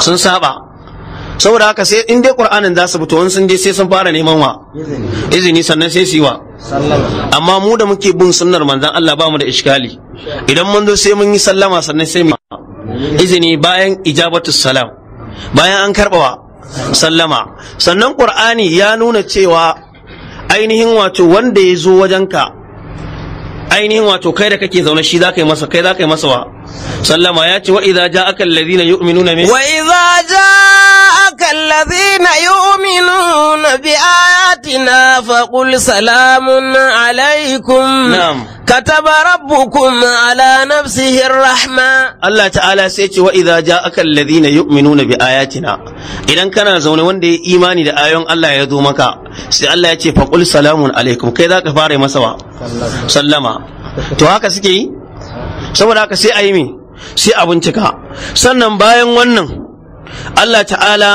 sun saba saboda haka sai in dai qur'anin za su fito wani sun je sai sun fara neman wa izini sannan sai su yi wa amma mu da muke bin sunnar manzon Allah ba mu da iskali idan mun zo sai mun yi sallama sannan sai mu izini bayan ijabatu salam bayan an karbawa sallama sannan qur'ani ya nuna cewa ainihin wato wanda ya zo wajenka ainihin wato kai da kake zaune shi za ka yi masa kai za ka yi masa wa sallama ya ce wa idza ja'aka alladhina yu'minuna min wa idza ja'aka alladhina yu'minuna bi ayatina faqul salamun alaykum na'am كتب ربكم على نفسه الرحمة الله تعالى سيتي وإذا جاءك الذين يؤمنون بآياتنا إذا كان زون وندي إيماني لآيون الله يدو مكا سي الله يتي فقل سلام عليكم كذا كفاري مسوا سلما تو هكا سكي saboda haka sai a yi mi sai a bincika sannan bayan wannan Allah ta'ala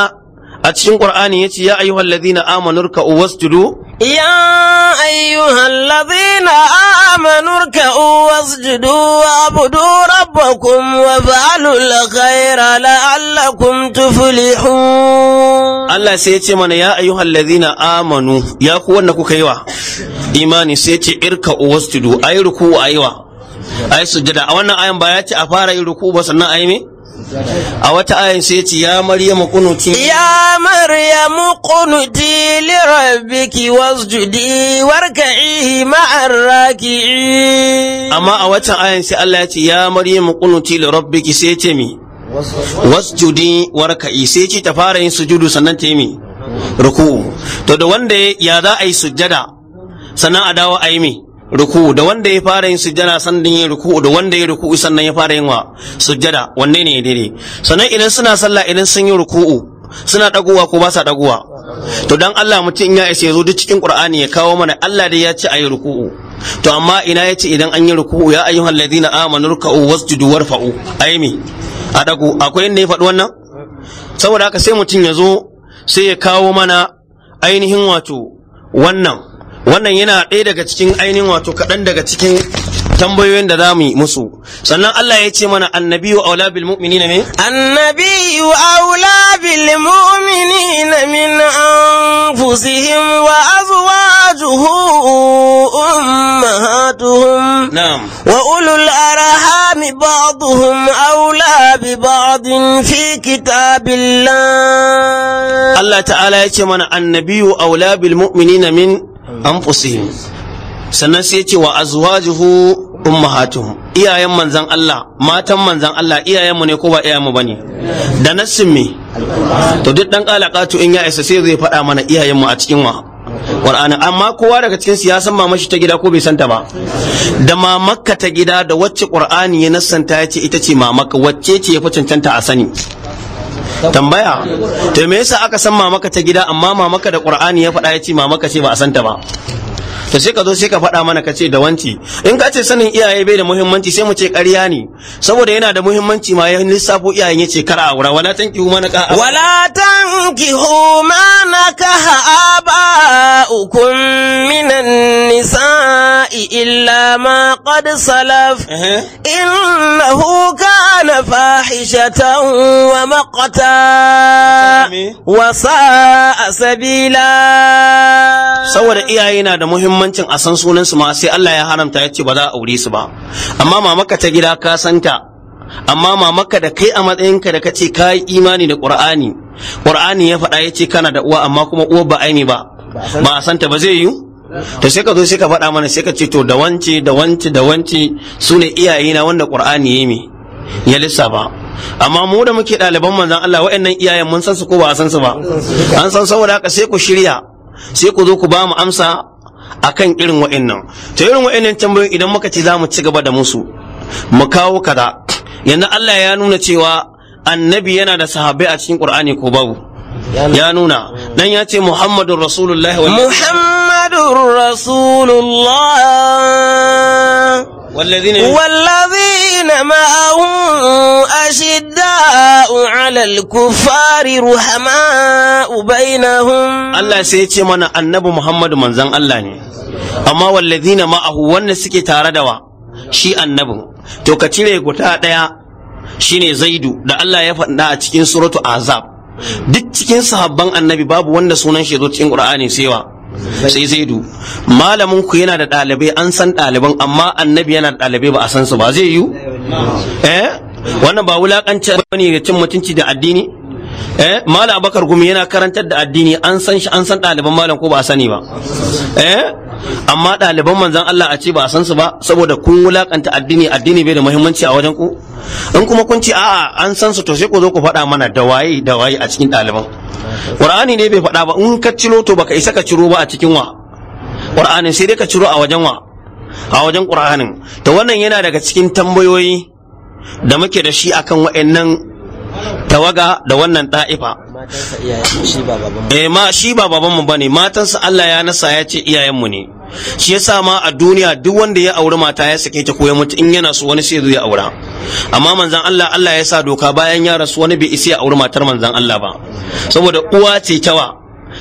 a cikin ya ce ya ayyuhal ladhina amanu ruk'u wasjudu ya ayyuhal ladhina amanu ruk'u wasjudu wa'budu rabbakum wa fa'alu al-khayra la'allakum tuflihun Allah sai ya ce mana ya ayyuhal ladhina amanu ya ku wanda kuka yi wa imani sai yace irka'u wasjudu ayi ruku'u ayi wa a yi sujjada a wannan ayan ba ya ce a fara yin ruku ba sannan a yi me a wata ayan sai ce ya maryamu kunuti ya maryamu kunuti li rabbiki wasjudi warka'i ma'ar raki'i amma a wata ayan sai Allah ya ce ya maryamu kunuti li rabbiki sai ce mi wasjudi warka'i sai ce ta fara yin sujudu sannan ta yi mi ruku to da wanda ya za a yi sujjada sannan a dawo a yi mi ruku da wanda ya fara yin sujjada sannan ya ruku da wanda ya ruku sannan ya fara yin wa sujjada wanne ne daidai sannan idan suna sallah idan sun yi ruku'u suna dagowa ko ba sa dagowa to dan Allah mutum ya isa ya zo duk cikin Qur'ani ya kawo mana Allah da ya ce ayi ruku'u to amma ina ya ce idan an yi ruku'u ya ayyuhal ladina amanu ruk'u wasjudu warfa'u ayi me a dago akwai inda ya faɗi wannan saboda haka sai mutum ya zo sai ya kawo mana ainihin wato wannan wannan yana ɗaya daga cikin ainihin wato kaɗan daga cikin tambayoyin da za mu yi musu sannan Allah ya ce mana annabiyu aula bil mu'minina ne annabiyu aula bil mu'minina min anfusihim wa azwajuhu ummahatuhum na'am wa ulul arhami ba'dhum aula bi ba'din fi kitabillah Allah ta'ala ya ce mana annabiyu aula bil mu'minina min anfusihim sannan sai yace wa azwajuhu ummahatuhum iyayen manzan Allah matan manzan Allah iyayenmu ne ko ba iyayenmu bane da nassin me to duk dan kalakatu in ya isa sai zai faɗa mana iyayenmu a cikin wa Qur'ani amma kowa daga cikin siyasan mamashi ta gida ko bai santa ba da mamakka ta gida da wacce Qur'ani ya nassanta yace ita ce mamaka wacce ce ya fi cancanta a sani tambaya to me yasa aka san mamaka ta gida amma mamaka da qur'ani ya faɗa ya ce mamaka ce ba a santa ba to sai ka zo sai ka faɗa mana ka ce da wanci in ka ce sanin iyaye bai da muhimmanci sai mu ce ƙarya ne saboda yana da muhimmanci ma ya lissafo iyayen yace kar a wura wala tanki huma na ka wala tanki huma na ka aba ukun minan nisa'i illa ma qad salaf innahu kana fahishatan wa maqta wa sa'a sabila saboda iyaye na da muhimmanci muhimmancin a san sunansu ma sai Allah ya haramta ya ce ba za a aure su ba amma mamaka ta gida ka santa amma mamaka da kai a matsayinka da kace ka yi imani da Qur'ani Qur'ani ya faɗa ya ce kana da uwa amma kuma uwa ba aini ba ba a santa ba zai yi to sai ka zo sai ka faɗa mana sai ka ce to da wance da wance da wance su ne iyayena wanda Qur'ani ya yi ya lissafa amma mu da muke ɗaliban manzan Allah wa'annan iyayen mun san su ko ba a san su ba an san saboda haka sai ku shirya sai ku zo ku ba mu amsa akan irin wa'annan to irin wa'annan tambayoyi idan muka ce za mu ci gaba da musu mu kawo kaza yanzu Allah ya nuna cewa annabi yana da sahabbai a cikin Qur'ani ko babu ya nuna dan ya ce Muhammadur Rasulullahi Muhammadur rasulullahi والذين ما أشداء على الكفار رحماء بينهم الله سيتي من النبي محمد من زن الله أما والذين ما معه والنسك تاردوا شي النبي تو كتيري قطع shine شيني زيدو دا الله يفعل دا cikin سورة عذاب duk cikin صحبان annabi باب wanda sunan shi zo cikin qur'ani sai sai zaidu malamin ku yana da ɗalibai an san ɗaliban amma annabi yana da ɗalibai ba a san su ba zai yiwu eh wannan ba wulakanci ne ga cin mutunci da addini eh malam abakar gumi yana karantar da addini an san shi an san ɗaliban malam ko ba a sani ba eh amma ɗaliban manzan Allah a ce ba a san su ba saboda kun wulakanta addini addini bai da muhimmanci a wajen ku in kuma kun ce a'a an san su to sai ku zo ku faɗa mana da waye da waye a cikin ɗaliban qur'ani ne bai faɗa ba in ka ciro to baka isa ka ciro ba a cikin wa qur'ani sai dai ka ciro a wajen wa a wajen qur'anin to wannan yana daga cikin tambayoyi da muke da shi akan waɗannan tawaga da wannan ɗa'ifa eh ma shi ba babanmu ne matansa Allah ya nasa ya ce iyayenmu ne shi yasa ma a duniya duk wanda ya auri mata ya sake ta koya ya mutu in yana su wani sai ya aura amma manzan Allah Allah ya sa doka bayan ya rasu wani bai isi ya auri matar manzan Allah ba saboda uwa ce tawa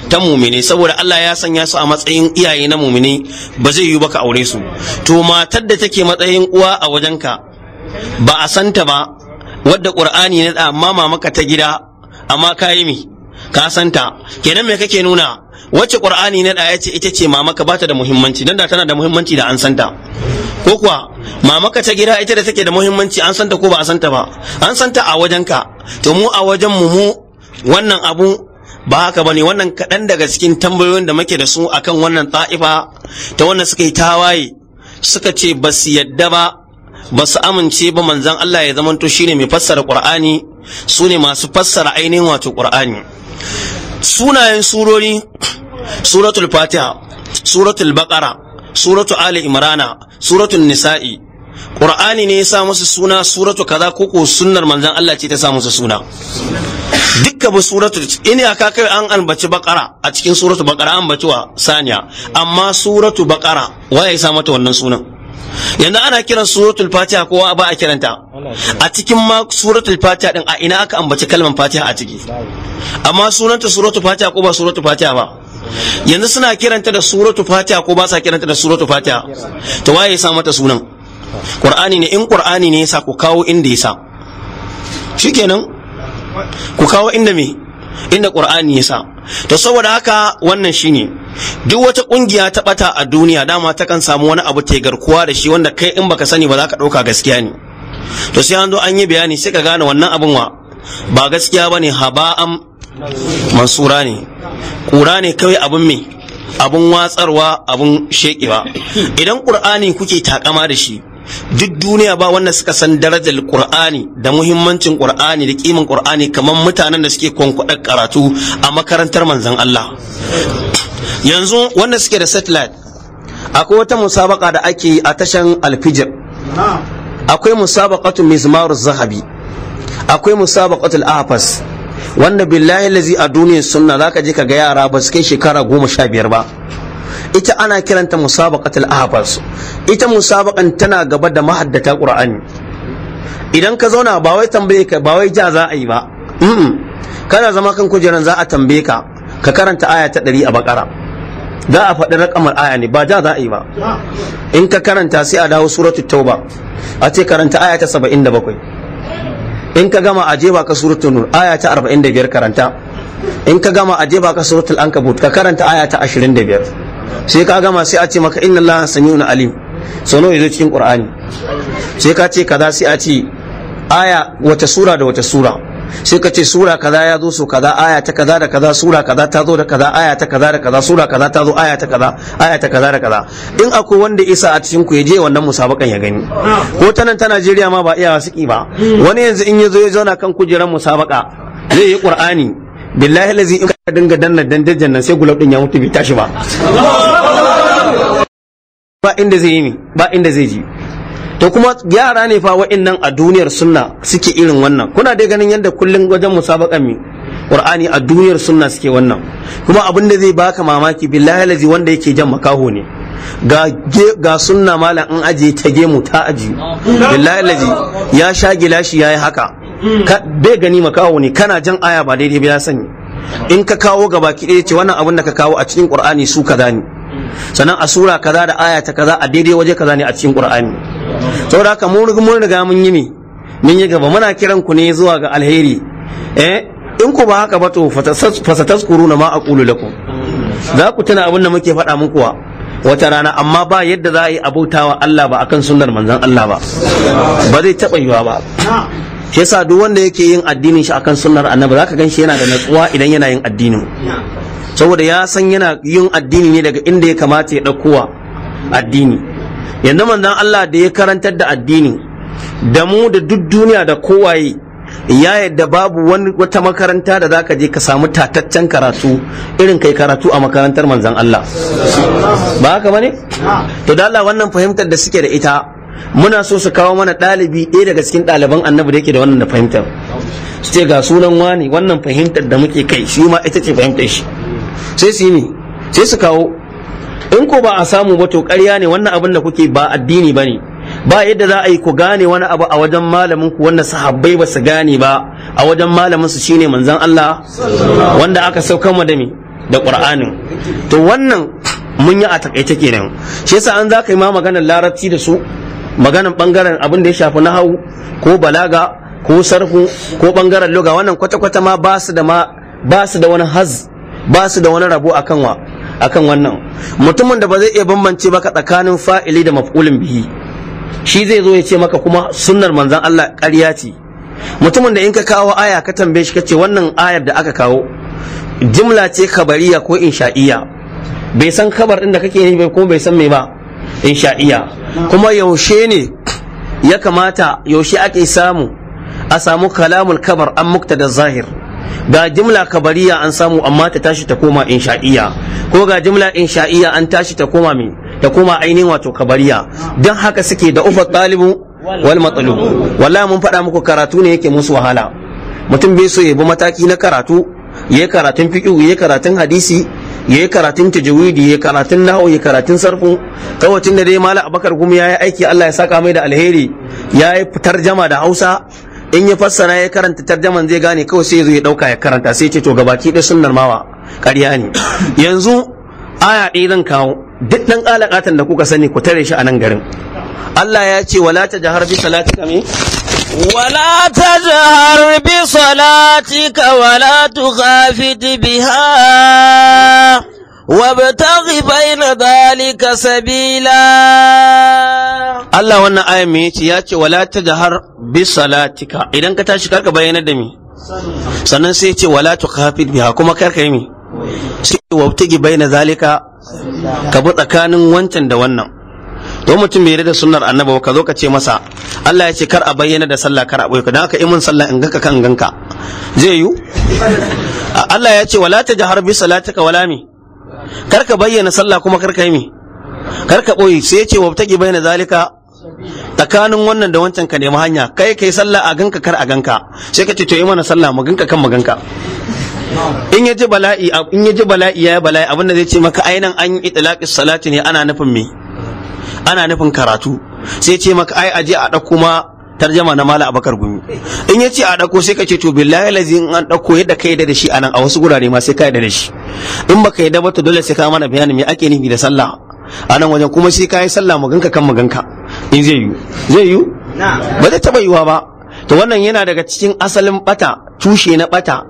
ta mumini saboda Allah ya sanya su a matsayin iyaye na mumini ba zai yi baka aure su to matar da take matsayin uwa a wajenka ba a santa ba wadda qur'ani ne amma mamaka ta gida amma kayi mi ka santa kenan me kake nuna wacce qur'ani na da ya ce ita ce mamaka ba ta da muhimmanci dan da tana da muhimmanci da an santa ko kuwa mamaka ta gida ita da take da muhimmanci an santa ko ba a santa ba an santa a wajenka to mu a wajen mu mu wannan abu ba haka bane wannan kaɗan daga cikin tambayoyin da muke da su akan wannan ta'ifa ta wannan suka yi tawaye suka ce ba su yadda ba ba su amince ba manzan Allah ya zamanto shine mai fassara Qur'ani su ne masu fassara ainihin wato Qur'ani sunayen surori suratul Fatiha suratul Baqara suratul Ali Imrana suratul Nisa'i Qur'ani ne ya sa musu suna suratu kaza ko sunnar manzan Allah ce ta sa musu suna dukka ba suratu ini aka kai an ambaci Baƙara a cikin suratu bakara an wa saniya amma suratu Baƙara waye ya sa mata wannan sunan yanzu ana kiran suratul fatiha kowa ba a kiranta a cikin ma suratul fatiha din a ina aka ambaci kalmar fatiha a ciki amma sunanta suratul fatiha ko ba suratul fatiha ba yanzu suna kiranta da suratul fatiha ko ba sa kiranta da suratul fatiha to waye ya sa mata sunan qur'ani ne in qur'ani ne yasa ku kawo inda yasa shikenan ku kawo inda me inda qur'ani ya sa to saboda haka wannan shine duk wata ƙungiya ta bata a duniya dama ta kan samu wani abu ta garkuwa da shi wanda kai in baka sani ba za ka dauka gaskiya ne to sai an zo an yi bayani sai ka gane wannan abin wa ba gaskiya bane haba'an mansura ne ƙura ne kawai abin me abin watsarwa abin shekewa idan ƙur'ani kuke takama da shi duk duniya ba wanda suka san darajar qur'ani da muhimmancin qur'ani da kiman qur'ani kamar mutanen da suke kwankwadar karatu a makarantar manzan Allah yanzu wanda suke da satellite akwai wata musabaka da ake yi a tashan alfijir akwai musabaqatu mizmar zahabi akwai musabaqatul ahfas wanda billahi lazi a duniyar sunna zaka je ka ga yara ba su kai shekara goma sha biyar ba ita ana kiranta musabaqatul ahbars ita musabaqan tana gaba da mahaddata qur'ani idan ka zauna ba wai tambaye ka ba wai ja za a yi ba kana zama kan kujeran za a tambaye ka ka karanta aya ta 100 a bakara za a faɗi rakamar aya ne ba ja za a yi ba in ka karanta sai a dawo suratul tauba a ce karanta aya ta 77 in ka gama aje ba ka suratul nur aya ta 45 karanta in ka gama aje ba ka suratul ankabut ka karanta aya ta 25 sai ka gama sai a ce maka inna Allah sami'un alim sano yazo cikin qur'ani sai ka ce kaza sai a ce aya wata sura da wata sura sai ka ce sura kaza ya zo su kaza aya ta kaza da kaza sura kaza ta zo da kaza aya ta kaza da kaza sura kaza ta zo aya ta kaza aya ta kaza da kaza in akwai wanda isa a cikin ku ya je wannan musabakan ya gani ko ta nan ta Najeriya ma ba iya wasiki ba wani yanzu in ya zo ya zauna kan kujerar musabaka zai yi qur'ani billahi lazi in ka dinga danna dandajan nan sai gulab din ya mutu bai tashi ba ba inda zai yi ba inda zai ji to kuma yara ne fa wa'annan a duniyar sunna suke irin wannan kuna dai ganin yadda kullun wajen musabakan mi qur'ani a duniyar sunna suke wannan kuma abin da zai baka mamaki billahi lazi wanda yake jan makaho ne ga ga sunna malam an aje ta gemu ta aji billahi lazi ya sha gilashi yayi haka bai gani makawo ne kana jan aya ba daidai ba ya sani in ka kawo baki ɗaya ce wannan abin da ka kawo a cikin qur'ani su kaza ne sannan a sura kaza da aya ta kaza a daidai waje kaza ne a cikin qur'ani saboda haka mun riga mun riga mun yi me mun yi gaba muna kiran ku ne zuwa ga alheri eh in ku ba haka ba to fasatazkuruna ma aqulu lakum za ku tana abin da muke faɗa muku wa wata rana amma ba yadda za a yi abautawa Allah ba akan sunnar manzon Allah ba ba zai taɓa yiwa ba shi yasa duk wanda yake yin addinin shi akan sunnar annabi zaka gan shi yana da natsuwa idan yana yin addinin saboda ya san yana yin addini ne daga inda ya kamata ya ɗaukowa addini yanzu manzon Allah da ya karantar da addini da mu da duk duniya da kowaye ya yadda babu wata makaranta da zaka je ka samu tataccen karatu irin kai karatu a makarantar manzon Allah ba haka bane to da Allah wannan fahimtar da suke da ita muna so su kawo mana ɗalibi ɗaya daga cikin ɗaliban annabi da yake da wannan da fahimtar su ce ga sunan wani wannan fahimtar da muke kai shi ma ita ce fahimtar shi sai su yi sai su kawo in ko ba a samu ba to karya ne wannan abin da kuke ba addini ba ne ba yadda za a yi ku gane wani abu a wajen malamin ku wanda sahabbai ba su gane ba a wajen malamin su shine manzon Allah wanda aka sauka mu da me da Qur'anin to wannan mun yi a takaice kenan shi yasa an zaka yi ma maganar larabci da su maganan bangaren abin da ya shafi na nahawu ko balaga ko sarfu ko bangaren luga wannan kwata-kwata ma ba su da ma ba su da wani haz ba su da wani rabo akan wa akan wannan mutumin da ba zai iya bambance maka tsakanin fa'ili da maf'ulin bihi shi zai zo ya ce maka kuma sunnar manzon Allah ƙarya ce mutumin da in ka kawo aya ka tambaye shi kace wannan ayar da aka kawo jimla ce kabariya ko insha'iya. bai san kabar din da kake yi ba kuma bai san me ba insha'iya kuma yaushe ne ya kamata yaushe ake samu a samu kalamul kabar an mukta da zahir ga jimla kabariya an samu amma ta tashi ta koma iya ko ga jimla iya an tashi ta koma min ta koma ainihin wato kabariya don haka suke da ufa talibu wal matsalub wallahi mun faɗa muku karatu ne yake musu wahala mutum bai so ya bi mataki na karatu ya yi karatun fiƙi ya yi karatun hadisi ya yi karatun tajwidi ya karatun nahu ya karatun sarfu kawacin da dai malam abakar gumi ya yi aiki Allah ya saka mai da alheri ya yi fitar jama da hausa in ya fassara ya karanta tarjaman zai gane kawai sai ya zo ya dauka ya karanta sai ce to gabaki da sunnar mawa ƙarya ne yanzu aya ɗaya zan kawo duk ɗan alaƙatan da kuka sani ku tare shi a nan garin Allah ya ce wala ta jahar bi ولا تجهر بصلاتك ولا تخافت بها وابتغ بين ذلك سبيلا Allah wannan ayan me yace ya wala tajhar bi salatika idan ka tashi karka bayyana da mi sannan sai yace wala tukhafid biha kuma karka yi mi sai wabtagi baina zalika ka bi tsakanin wancan da wannan to mutum bai da sunnar annabi ba ka zo ka ce masa Allah ya ce kar a bayyana da sallah kar a boye don haka imin sallah in ganka kan ganka zai yiwu Allah ya ce wala tajhar bi salatika wala mi kar ka bayyana sallah kuma kar ka yi mi kar ka boye sai ya ce wabtaki bayyana zalika tsakanin wannan da wancan ka nemi hanya kai kai sallah a ganka kar a ganka sai ka ce to yi mana sallah mu ganka kan mu ganka in ya ji bala'i in ya bala'i ya bala'i abinda zai ce maka ainan an yi itlaqis salati ne ana nufin me ana nufin karatu sai ce maka ai aje a ɗauko ma tarjama na mala abakar gumi in ya ce a ɗauko sai ka ce to billahi lazi in an ɗauko yadda ka yadda da shi anan a wasu gurare ma sai ka yadda da shi in baka yadda ba to dole sai ka mana bayani me ake nufi da sallah a nan wajen kuma sai ka yi sallah maganka kan maganka in zai yi zai yi ba zai taɓa yiwa ba to wannan yana daga cikin asalin bata tushe na bata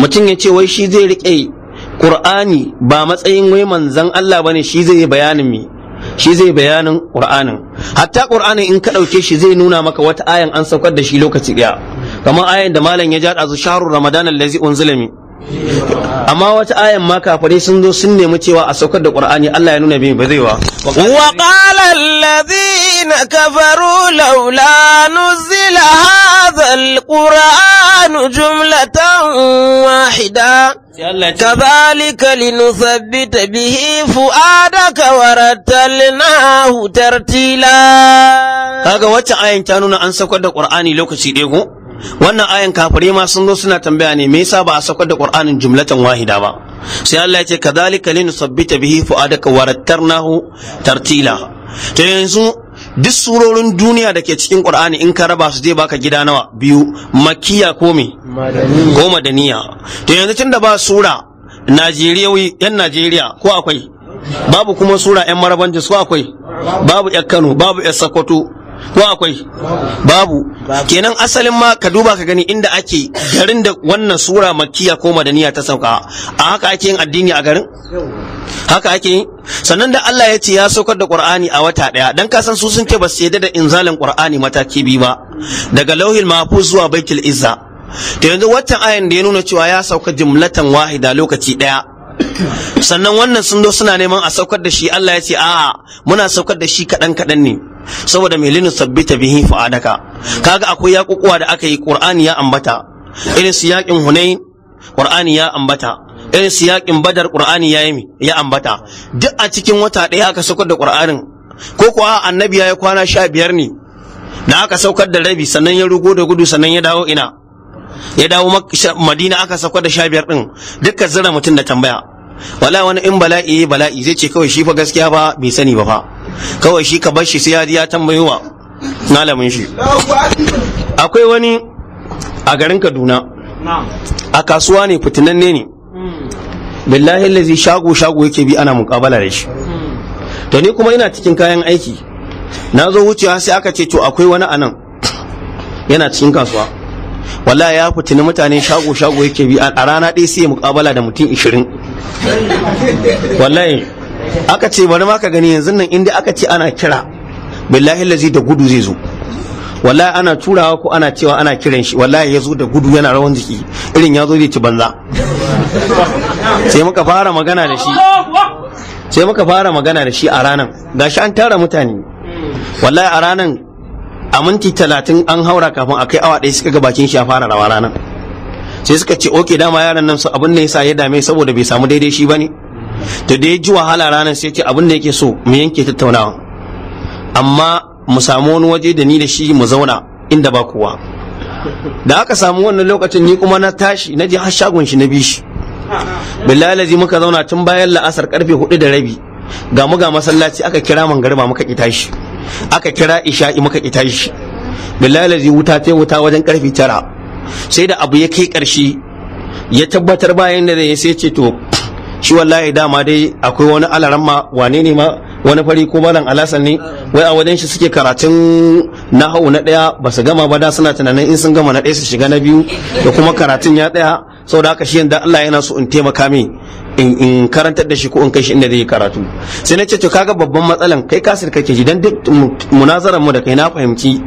mutum ya ce wai shi zai riƙe Qur'ani ba matsayin wai manzan Allah bane shi zai bayanin mi shi zai bayanin qur'anin hatta qur'anin in ka ɗauke shi zai nuna maka wata ayan an saukar da shi lokaci daya kamar ayan da malam ya ja a shahrul ramadan allazi unzila amma wata ayan ma kafare sun zo sun nemi cewa a saukar da qur'ani Allah ya nuna bai ba zai wa wa qala alladhina kafaru laula nuzila hadha alquran jumlatan wahida كذلك لنثبت به فؤادك ورتلناه ترتيلا kaga wacce ayan ta nuna an saukar da Qur'ani lokaci ɗaya ko wannan ayan kafirai ma sun zo suna tambaya ne me yasa ba a saukar da Qur'anin jumlatan wahida ba sai Allah ya ce kadhalika linusabbita bihi fuadaka warattarnahu tartila to yanzu duk surorin duniya da ke cikin qur'ani in ka raba su zai baka gida nawa biyu makiya ko me ko madaniya to yanzu tun da ba sura najeriyawi yan najeriya ko akwai babu kuma sura yan marabanjis ko akwai babu yan kano babu yan sokoto ko akwai babu kenan asalin ma ka duba ka gani inda ake garin da wannan sura makiya ko madaniya ta sauka a haka ake yin addini a garin haka ake yi sannan da Allah ya ce ya saukar da Qur'ani a wata daya dan kasan su sun ce ba su yadda da inzalin Qur'ani mataki biyu ba daga lauhin mahfuz zuwa baitul izza to yanzu watan ayan da ya nuna cewa ya sauka jumlatan wahida lokaci daya sannan wannan sun zo suna neman a saukar da shi Allah ya ce a'a muna saukar da shi kaɗan kaɗan ne saboda mai linu sabbita bihi fa'adaka kaga akwai yakukuwa da aka yi Qur'ani ya ambata irin su yakin Hunain Qur'ani ya ambata irin siyakin badar qur'ani ya yi ya ambata duk a cikin wata daya aka saukar da qur'anin ko kuwa annabi ya yi kwana sha biyar ne da aka saukar da rabi sannan ya rugo da gudu sannan ya dawo ina ya dawo madina aka saukar da sha biyar ɗin duka zira mutum da tambaya wala wani in bala'i bala'i zai ce kawai shi fa gaskiya ba bai sani ba fa kawai shi ka bar shi sai ya tambayowa malamin shi akwai wani a garin kaduna a kasuwa ne fitinanne ne billahi lazi shago shago yake bi ana muƙabala da shi to ni kuma ina cikin kayan aiki na zo wucewa sai aka ce to akwai wani anan yana cikin kasuwa walla ya fitini mutane shago shago yake bi a rana ɗaya sai muƙabala da mutum ishirin wallahi aka ce bari ma ka gani yanzu nan inda aka ce ana kira billahi lazi da gudu zai zo wallahi ana turawa ko ana cewa ana kiran shi wallahi ya zo da gudu yana rawan jiki irin ya zo zai ci banza sai muka fara magana da shi sai muka fara magana da shi a ranan gashi an tara mutane wallahi a ranan a minti talatin an haura kafin a kai awa ɗaya suka ga bakin shi ya fara rawa ranan sai suka ce oke dama yaran nan su abin da yasa ya dame saboda bai samu daidai shi bane to da ya ji wahala ranar sai ce abin da yake so mu yanke tattaunawa amma mu samu wani waje da ni da shi mu zauna inda ba kowa da aka samu wannan lokacin ni kuma na tashi na je har shagon shi na bi shi billahi lazi muka zauna tun bayan la'asar karfe hudu da rabi ga mu ga masallaci aka kira garba muka ki tashi aka kira isha'i muka ki tashi billahi lazi wuta ta wuta wajen karfe tara sai da abu ya kai karshe ya tabbatar bayan da ya sai ce to shi wallahi dama dai akwai wani alaran ma wane ne ma wani fari ko malam alasan ne wai a wajen shi suke karatun nahau na daya ba su gama ba da suna tunanin in sun gama na daya su shiga na biyu da kuma karatun ya daya saboda haka shi yanda Allah yana so in taimaka min in karantar da shi ko in kai shi inda zai karatu sai na ce to kaga babban matsalan kai kasir kake ji dan duk munazaran mu da kai na fahimci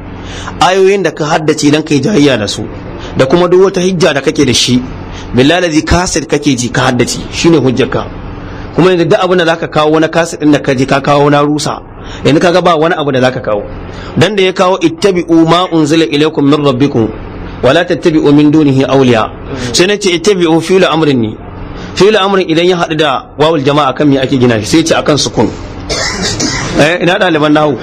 ayoyin da ka haddace dan kai jahiyya da su da kuma duk wata hijja da kake da shi billahi kasir kake ji ka haddace shine hujjarka kuma yanzu duk abin da zaka kawo wani kasir din da ka ji ka kawo na rusa yanzu kaga ba wani abu da zaka kawo dan da ya kawo ittabi'u ma unzila ilaykum min rabbikum wala tattabi'u min dunihi awliya sai nace ittabi'u fi'lu amrin ni fi'lu amrin idan ya hadu da wawul jama'a kan me ake gina shi sai ce akan sukun eh ina ɗaliban nahu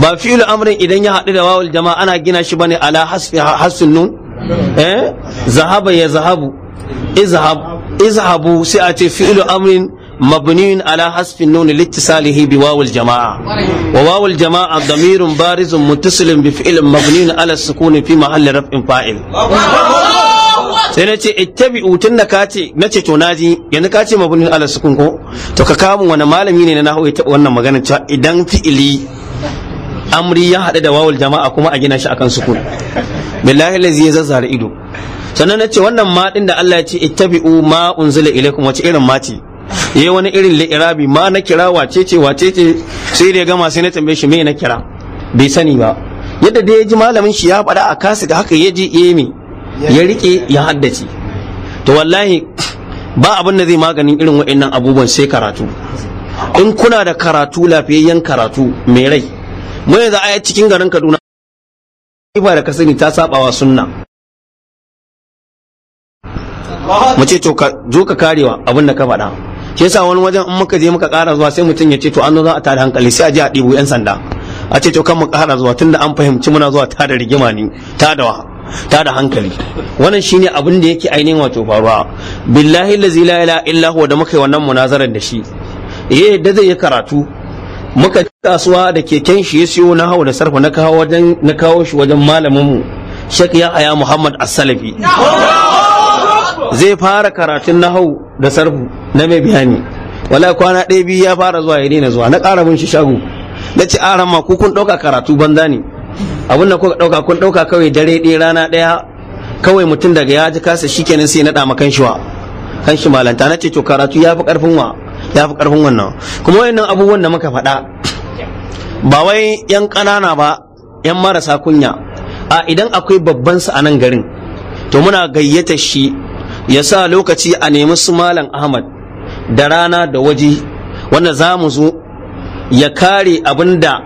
ba fi'lu amrin idan ya hadu da wawul jama'a ana gina shi bane ala hasfin nun eh zahaba ya zahabu izhabu sai a ce fi'lu amrin مبني على حذف النون لاتصاله بواو الجماعة وواو damirun ضمير bi متصل بفعل مبني ala sukuni fi mahallin rafin fa'il sai na ce ittabi'u tun da ka ce na ce to naji yanzu ka ce ala sukun to ka kamun wani malami ne na wannan magana cewa idan fi'ili amri ya haɗu da wawul jama'a kuma a gina shi akan sukun billahi lazi ya zazzara ido sannan nace wannan ma din da Allah ya ce ittabi'u ma unzila ilaykum wace irin ma ce yayi wani irin li'irabi ma na kira wace ce wace ce sai da ya gama sai na tambaye shi me na kira bai sani ba yadda da ya ji malamin shi ya faɗa a kasi da haka ya ji emi ya rike ya haddace to wallahi ba abin da zai maganin irin wa'annan abubuwan sai karatu in kuna da karatu lafiyayyen karatu mai rai mun yanzu a cikin garin Kaduna kifa da ka sani ta sabawa sunna mu ce to zo ka karewa abin da ka faɗa shi yasa wani wajen in muka je muka ƙara zuwa sai mutum ya ce to an zo za a tada hankali sai a je a ɗibo yan sanda a ce to kan mu ƙara zuwa tunda an fahimci muna zuwa tada rigima ne tada da hankali wannan shine abin da yake ainihin wato faruwa billahi la ilaha illa huwa da muka yi wannan munazarar da shi eh da zai yi karatu muka ci kasuwa da keken shi ya siyo na hau da sarfa na kawo wajen na kawo shi wajen malaminmu Sheikh Yahaya Muhammad As-Salafi zai fara karatun na hau da sarfu na mai bayani wallahi kwana ɗaya biyu ya fara zuwa ya daina zuwa na ƙara mun shi shago na ci arama ku kun ɗauka karatu banza ne abin da kuka ɗauka kun ɗauka kawai dare ɗaya rana ɗaya kawai mutum daga ya ji kasa shikenan sai na ɗa makan shi wa kan shi malanta na ce to karatu ya fi ƙarfin wa ya fi karfin wannan kuma wayannan abubuwan da muka faɗa ba wai yan ƙanana ba yan marasa kunya a idan akwai babban sa a nan garin to muna gayyata shi ya sa lokaci a nemi su malam ahmad da rana da waje wanda za mu zo ya kare abin da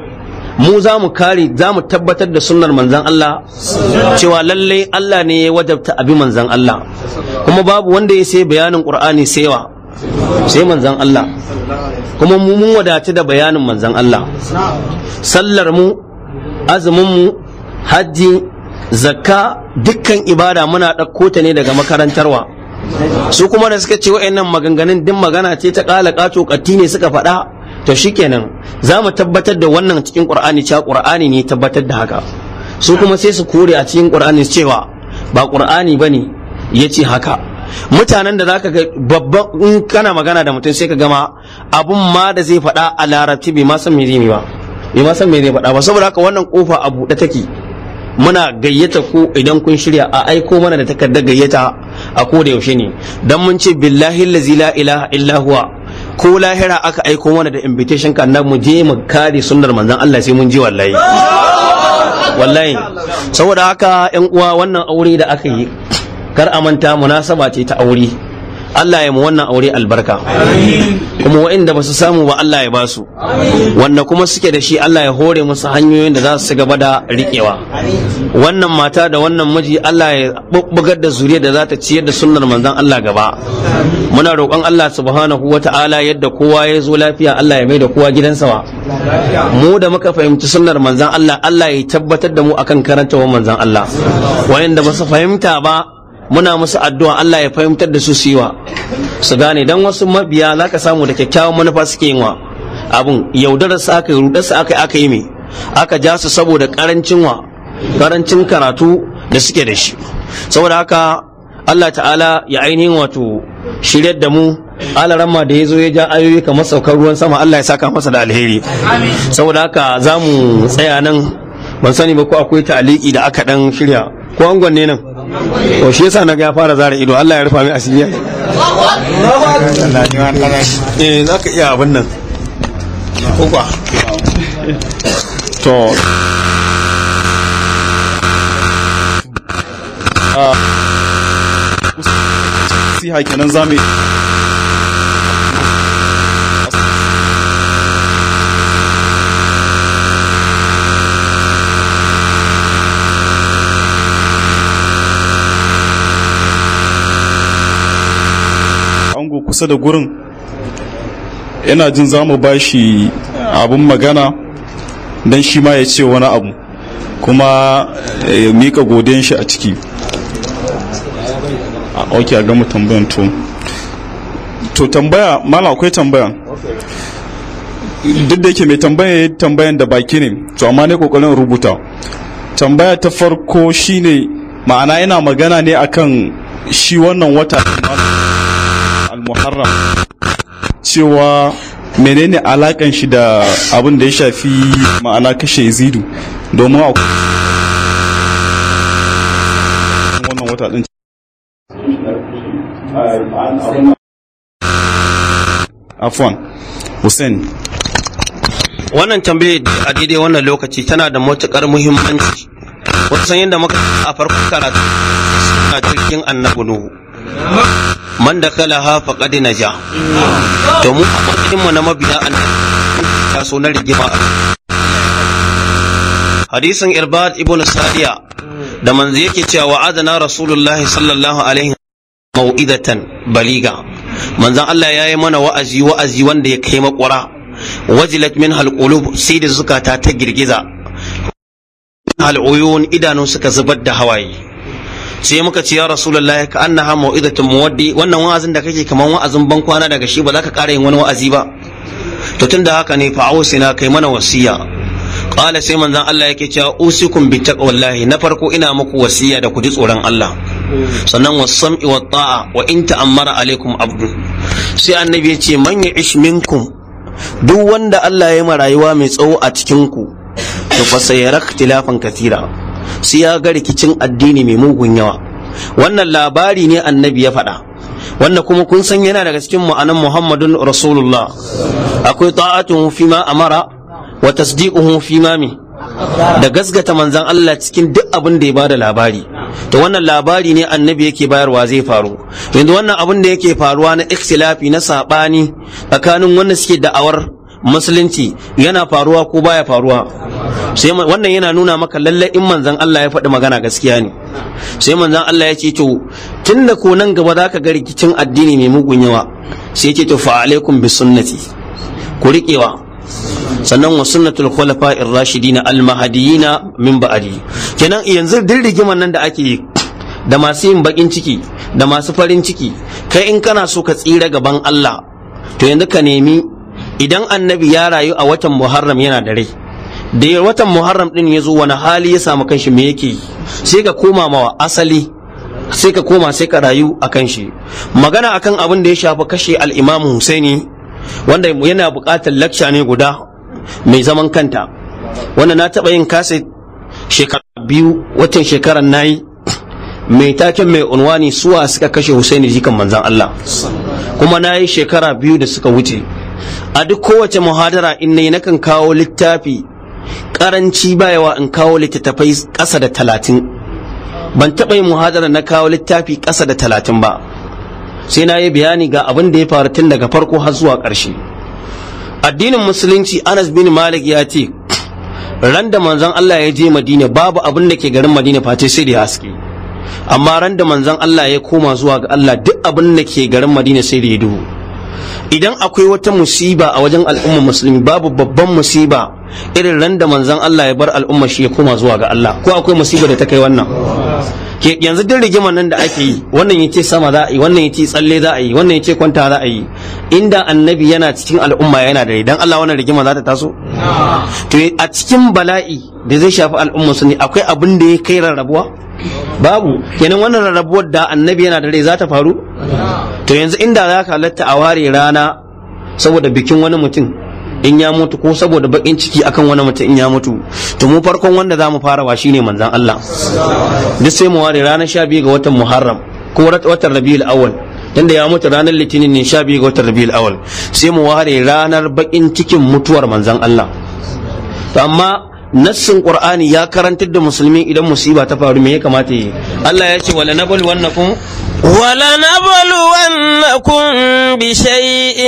mu za mu kare za mu tabbatar da sunnar manzan Allah cewa lallai Allah ne ya wajabta abi manzan Allah kuma babu wanda ya sai bayanin Qur'ani saiwa sai manzan Allah kuma mu mun wadaci da bayanin manzan Allah sallar mu azumin mu hajji zakka dukkan ibada muna ɗauko ta ne daga makarantarwa su kuma da suka ce wa'annan maganganun din magana ce ta ƙala ƙato ƙatti ne suka faɗa to shikenan za mu tabbatar da wannan cikin ƙur'ani cewa ƙur'ani ne tabbatar da haka su kuma sai su kore a cikin ƙur'ani cewa ba ƙur'ani bane ya ce haka mutanen da zaka ga babban in kana magana da mutum sai ka gama abun ma da zai faɗa a larabci bai ma san me ba bai ma san me faɗa ba saboda haka wannan kofa a buɗe take muna gayyata ku idan kun shirya a aiko mana da takardar gayyata a ko da yaushe ne dan mun ce billahi allazi la ilaha illa huwa ko lahira aka aiko mana da invitation nan mu je mu kare sunnar manzon Allah sai mun je wallahi wallahi saboda haka yan uwa wannan aure da aka yi kar a manta munasaba ce ta aure Allah ya mu wannan aure albarka kuma waɗanda ba su samu ba Allah ya ba su wanda kuma suke da shi Allah ya hore musu hanyoyin da za su gaba da riƙewa wannan mata da wannan miji Allah ya bugar da zuriya da za ta ciyar da sunnar manzon Allah gaba muna roƙon Allah subhanahu wata'ala yadda kowa ya zo lafiya Allah ya mai da kowa gidansa wa mu da muka fahimci sunnar manzon Allah Allah ya tabbatar da mu akan karantawa manzon Allah wayanda ba su fahimta ba muna musu addu'a Allah ya fahimtar da su siwa su gane dan wasu mabiya za ka samu da kyakkyawan manufa suke yin wa abun yaudarar su aka yi rudar su aka yi aka yi me aka ja su saboda karancin wa karancin karatu da suke da shi saboda haka Allah ta'ala ya ainihin wato shiryar da mu alarama da ya zo ya ja ayoyi kamar saukar ruwan sama Allah ya saka masa da alheri saboda haka za mu tsaya nan ban sani ba ko akwai ta'aliki da aka dan shirya ko angon ne nan to shi yasa na ga ya fara zara ido Allah ya rufa mai asiriya eh za ka iya abin nan kuka to ah. si kenan zamu kusa da gurin yana jin za mu bashi abin magana don shi ma ya ce wani abu kuma eh, ya mika godiyan shi a ciki ah, ok a gama tambayan to to tambaya mala akwai tambaya duk da yake mai tambaya tambayan da baki ne to amma ne kokarin rubuta tambaya ta farko shine ma'ana yana magana ne akan shi wannan wata al-muharram cewa menene alakan shi da abin da ya shafi ma'ana kashe yazidu domin a wannan wata din afwan hussein wannan tambaye a daidai wannan lokaci tana da matukar muhimmanci wasu san yadda muka a farko karatu suna jirgin annabi nuhu man da kala ha faƙaɗi na ja to mu a matsayinmu na mabiya an taso na rigima hadisin irbad ibn sadiya da manzu yake cewa wa'adana rasulullahi sallallahu alaihi mau'idatan baliga manzan Allah ya yi mana wa'azi wa'azi wanda ya kai makwara wajilat min halqulub sai da zukata ta girgiza hal'uyun idanu suka zubar da hawaye sai muka ce ya rasulullahi ka annaha mau'izatun muwaddi wannan wa'azin da kake kaman wa'azin ban kwana daga shi ba za ka ƙara yin wani wa'azi ba to tun da haka ne na kai mana wasiya qala sai manzan Allah yake cewa usikum bi taqwallahi na farko ina muku wasiya da ku ji tsoron Allah sannan was-sam'i wat-ta'a wa in ta'ammara alaikum abdu sai annabi ya ce man ya'ish minkum duk wanda Allah ya yi rayuwa mai tsawo a cikin ku to fa sayarak tilafan katira. sai ya ga rikicin addini mai mugun yawa wannan labari ne annabi ya faɗa wanda kuma kun san yana daga cikin ma'anan muhammadun rasulullah akwai ta'atuhu fi ma amara wa tasdiquhu fi ma mi da gasgata manzan Allah cikin duk abin da ya bada labari to wannan labari ne annabi yake bayarwa zai faru yanzu wannan abin da yake faruwa na ikhtilafi na sabani tsakanin wanda suke da'awar musulunci yana faruwa ko baya faruwa sai wannan yana nuna maka lalle in manzon Allah ya faɗi magana gaskiya ne sai manzon Allah ya ce to tunda ko nan gaba zaka ga rikicin addini mai mugun yawa sai ya ce to fa alaikum bi sunnati ku riƙewa sannan wa sunnatul ar rashidina al mahdiyina min ba'di kenan yanzu din rigiman nan da ake yi da masu yin bakin ciki da masu farin ciki kai in kana so ka tsira gaban Allah to yanzu ka nemi idan annabi ya rayu a watan muharram yana da rai da watan muharram din ya zo wani hali ya samu kanshi me yake yi sai ka koma mawa asali sai ka koma sai ka rayu a kanshi. shi magana akan abin da ya shafi kashe al'imamu husaini wanda yana bukatar lakca ne guda mai zaman kanta wanda na taɓa yin kasa shekara biyu watan shekarar nayi mai taken mai unwani suwa suka kashe husaini jikan manzan allah kuma na yi shekara biyu da suka wuce a duk kowace muhadara in nayi nakan kawo littafi karanci bayawa in kawo littattafai ƙasa da talatin ban taɓa yin muhadara na kawo littafi ƙasa da talatin ba sai na yi bayani ga abin da ya faru tun daga farko har zuwa ƙarshe addinin musulunci anas bin malik ya ce ran da manzon allah ya je madina babu abin da ke garin madina face sai da haske amma ran da manzon allah ya koma zuwa ga allah duk abin da ke garin madina sai da ya duhu idan akwai wata musiba a wajen al'umma musulmi babu babban musiba irin ran da manzon Allah ya bar al'umma shi ya koma zuwa ga Allah ko akwai musiba da ta kai wannan yanzu duk rigimar nan da ake yi wannan yace sama za a yi wannan yace tsalle za a yi wannan yace kwanta za a yi inda annabi yana cikin al'umma yana da idan Allah wannan rigima za ta taso to a cikin bala'i da zai shafi al'umma su ne akwai abin da ya kai rarrabuwa babu kenan wannan rarrabuwar da annabi yana da rai za ta faru to yanzu inda za ka halatta a ware rana saboda bikin wani mutum in ya mutu ko saboda bakin ciki akan wani mutum in ya mutu to mu farkon wanda za mu fara wa shine manzan Allah duk sai mu ware ranar biyu ga watan Muharram ko watan Rabiul Awwal tunda ya mutu ranar Litinin ne sha biyu ga watan Rabiul Awwal sai mu ware ranar bakin cikin mutuwar manzan Allah to amma نسن القرآن يا كرنت الد مسلمين إذا مصيبة تفعل مية كماتي الله يشوف ولا نبل ونكم ولا بشيء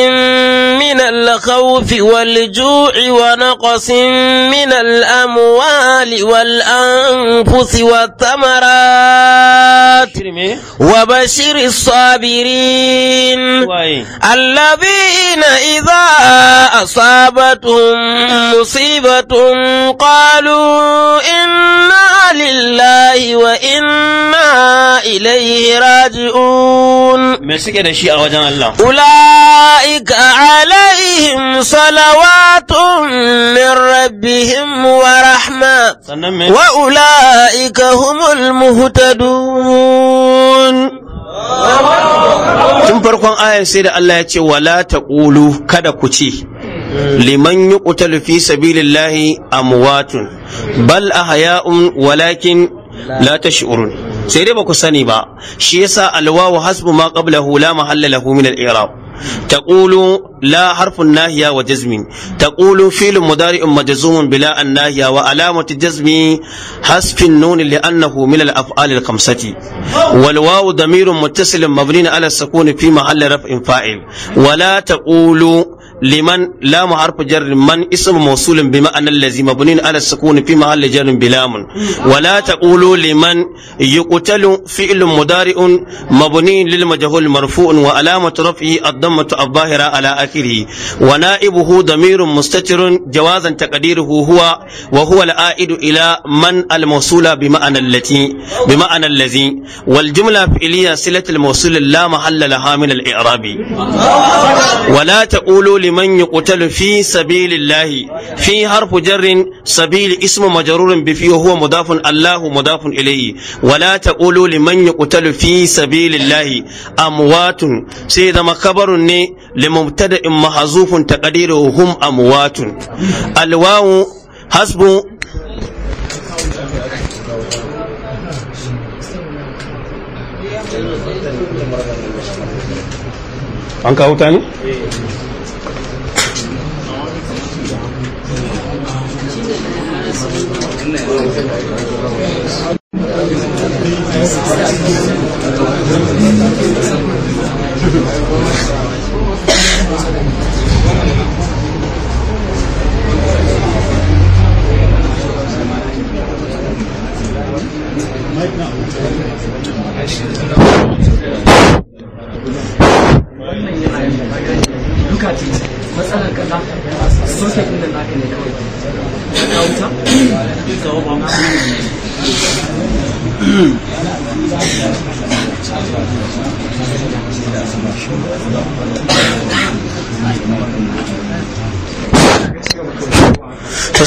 من الخوف والجوع ونقص من الأموال والأنفس والثمرات وبشر الصابرين الذين إذا أصابتهم مصيبة قالوا قالوا إنا wa وإنا إليه راجعون مسك da shi a wajen Allah ulaika alaihim salawatun min rabbihim wa rahma wa ulaika humul muhtadun tun farkon ayan sai da Allah ya ce wala taqulu kada ku ci?" liman yi ƙutar sabilillahi a muwatun bal a hayaun walakin la ta sai dai ba ku sani ba shi yasa alwawu hasbu ma qabla la mahalla lahu min al i'rab harfun nahiya wa jazmin taqulu fi'l mudari'un majzumun bila an nahiya wa alamati jazmi hasfin nun li annahu min al af'al al khamsati wal wawu damirun muttasil mabni ala sukun fi mahalli raf'in fa'il wa la taqulu liman lamu harfu jarrin man ism mawsulin bi ma'ana allazi mabnin ala sukun fi mahalli jarrin bi lamun wala taqulu liman yuqtalu fi'lun mudari'un mabni lil majhul marfu'un wa alamatu raf'i ad-dammatu adh ala akhirih wa na'ibuhu damirun mustatirun jawazan taqdiruhu huwa wa huwa al ila man al-mawsula bi ma'ana allati bi ma'ana allazi wal jumla fi'liya silatul mawsul la mahalla laha min al-i'rabi wala taqulu liman fi sabilillahi fi harfu jarrin sabil ismu majarurin bi fi huwa mudafun Allahu mudafun ilayhi wala taqulu liman yuqtalu fi sai zama kabarun ne limubtada'in mahzufun taqdiruhu hum amwatun alwawu hasbu an kawo ta ne? Thank you.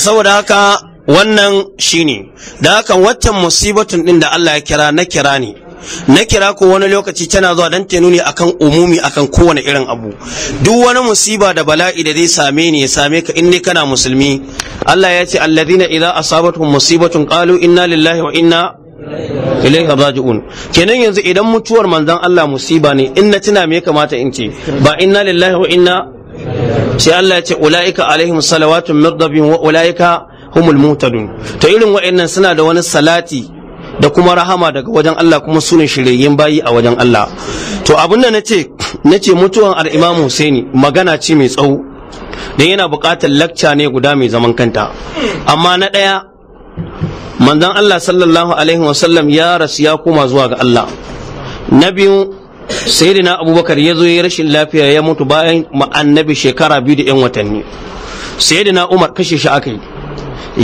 saboda haka wannan shine da haka waccan musibatun din da Allah ya kira na kira ne na kira ko wani lokaci tana zuwa dan ta nuni akan umumi akan kowane irin abu duk wani musiba da bala'i da zai same ni ya same ka in kana musulmi Allah ya ce alladhina idza asabatuhum musibatun qalu inna lillahi wa inna ilaihi raji'un kenan yanzu idan mutuwar manzon Allah musiba ne in na tuna me ya kamata in ce ba inna lillahi wa inna sai Allah ya ce ula'ika alaihim salawatun min wa ula'ika humul mutadun to irin wa'annan suna da wani salati da kuma rahama daga wajen Allah kuma su ne shiryayyen bayi a wajen Allah to abin da nace nace mutuwan al-Imam Husaini magana ce mai tsawo dan yana buƙatar lakca ne guda mai zaman kanta amma na ɗaya manzon Allah sallallahu alaihi wasallam ya rasu ya koma zuwa ga Allah na biyu sayyidina abubakar ya zo ya rashin lafiya ya mutu bayan ma'annabi shekara biyu da yan watanni sayyidina umar kashe shi aka yi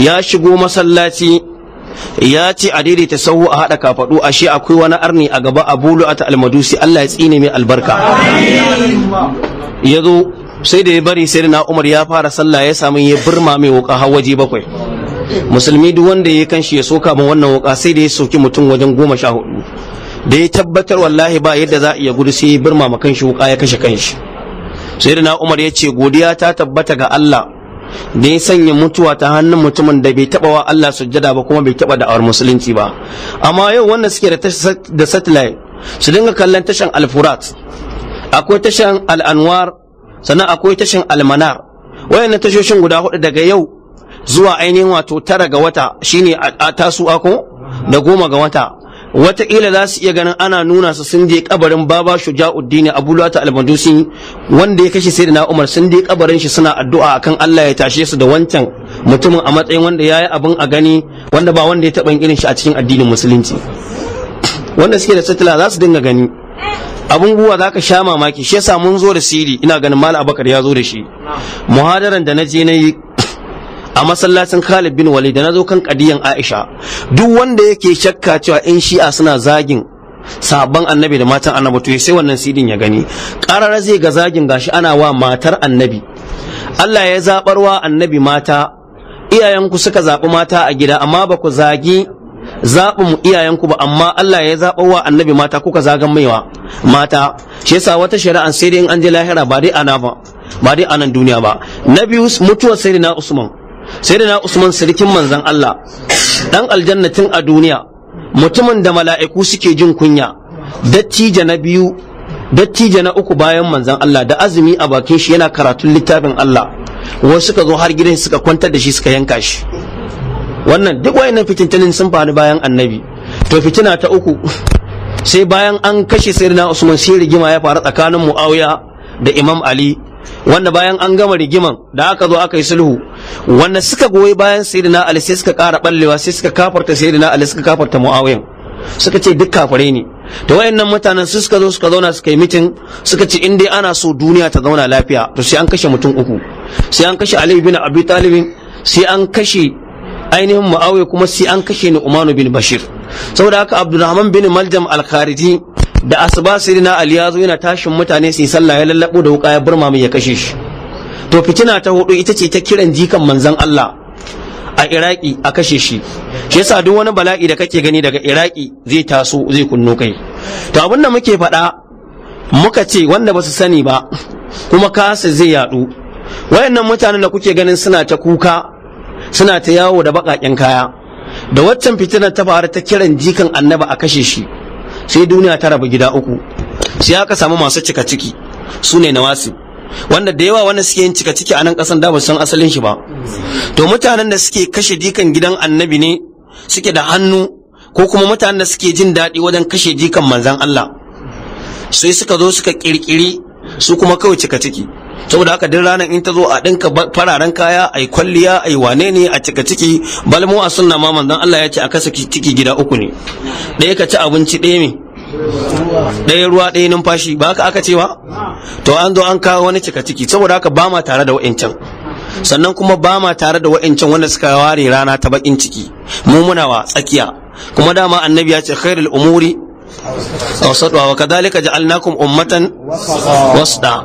ya shigo masallaci ya ce a daidaita sahu a haɗa kafaɗu a shi akwai wani arni a gaba a bulu a ta almadusi allah ya tsine mai albarka ya zo sai da ya bari sai na umar ya fara sallah ya samu ya birma mai wuka har waje bakwai musulmi duk wanda ya kan shi ya soka ma wannan wuka sai da ya soki mutum wajen goma sha hudu da ya tabbatar wallahi ba yadda za a iya gudu sai birma makan kanshi wuka ya kashe kanshi sai na umar ya ce godiya ta tabbata ga Allah da ya sanya mutuwa ta hannun mutumin da bai taba wa Allah sujjada ba kuma bai taba da'awar musulunci ba amma yau wanda suke da satellite su dinga kallon tashan alfurat akwai tashan al'anwar sannan akwai tashan almanar wayannan tashoshin guda hudu daga yau zuwa ainihin wato tara ga wata shine a tasu ako da goma ga wata wataƙila za su iya ganin ana nuna su sun je kabarin baba shuja'uddin abulata al almadusi wanda ya kashe sai umar sun je kabarin shi suna addu'a akan allah ya tashe su da wancan mutumin a matsayin wanda ya yi abin a gani wanda ba wanda ya taɓa irin shi a cikin addinin musulunci wanda suke da satila za su dinga gani abun guwa za ka sha mamaki shi yasa mun zo da siri ina ganin mal abakar ya zo da shi muhadaran da na je na yi a masallacin Khalid bin Walid da na zo kan kadiyan Aisha duk wanda yake shakka cewa in shi'a suna zagin sabon annabi da matan annabi to sai wannan sidin ya gani ƙarara zai ga zagin gashi ana wa matar annabi Allah ya zabar wa annabi mata iyayenku suka zaɓi mata a gida amma ba ku zagi zaɓin iyayenku ba amma Allah ya zaɓar wa annabi mata kuka zagan maiwa mata shi yasa wata shari'a sai dai in an je lahira ba dai ana ba ba dai anan duniya ba na biyu mutuwar sayyidina Usman sai da na usman sirikin manzan Allah dan aljannatin a duniya mutumin da mala'iku suke jin kunya dattija na biyu dattija na uku bayan manzan Allah da azumi a bakin shi yana karatun littafin Allah wasu suka zo har gidan suka kwantar da shi suka yanka shi wannan duk wayannan fitintunin sun faru bayan annabi to fitina ta uku sai bayan an kashe sayyidina usman sai rigima ya faru tsakanin muawiya da imam ali wanda bayan an gama rigiman da aka zo aka yi sulhu wanda suka goyi bayan sayyidina ali sai suka kara ballewa sai suka kafarta sayyidina ali suka kafarta muawiya suka ce duk kafare ne to wayannan mutanen su suka zo suka zauna suka yi mitin suka ce in dai ana so duniya ta zauna lafiya to sai an kashe mutum uku sai an kashe ali bin abi talib sai an kashe ainihin muawiya kuma sai an kashe ni umanu bin bashir saboda haka abdurrahman bin maljam al-khariji da asuba sayyidina ali ya zo yana tashin mutane sai sallah ya lallabo da wuka ya burma mai ya kashe shi to fitina ta hudu ita ce ta kiran jikan manzon Allah a iraki a kashe shi shi yasa duk wani bala'i da kake gani daga iraki zai taso zai kunno kai to abin da muke faɗa muka ce wanda ba su sani ba kuma kasa zai yadu wayannan mutanen da kuke ganin suna ta kuka suna ta yawo da baƙaƙen kaya da waccan fitinar ta faru ta kiran jikan annaba a kashe shi sai duniya ta rabu gida uku sai aka samu masu cika ciki su ne wanda da yawa wanda suke yin cika ciki a nan kasan da ba san asalin shi ba to mutanen da suke kashe jikan gidan annabi ne suke da hannu ko kuma mutanen da suke jin daɗi wajen kashe jikan manzan Allah sai suka zo suka kirkiri su kuma kawai cika ciki saboda haka duk ranar in ta zo a ɗinka fararen kaya a yi kwalliya a yi wane ne a cika ciki balmo a sunna ma manzan Allah ya ce a kasa ciki gida uku ne ɗaya ka ci abinci ɗaya ne ɗaya ruwa ɗaya numfashi ba haka aka cewa to an zo an kawo wani cika ciki saboda haka ba ma tare da wa'incan sannan kuma ba ma tare da wa'incan wanda suka ware rana ta bakin ciki mu muna wa tsakiya kuma dama annabi ya ce khairul umuri awsatwa wa kadhalika ja'alnakum ummatan wasda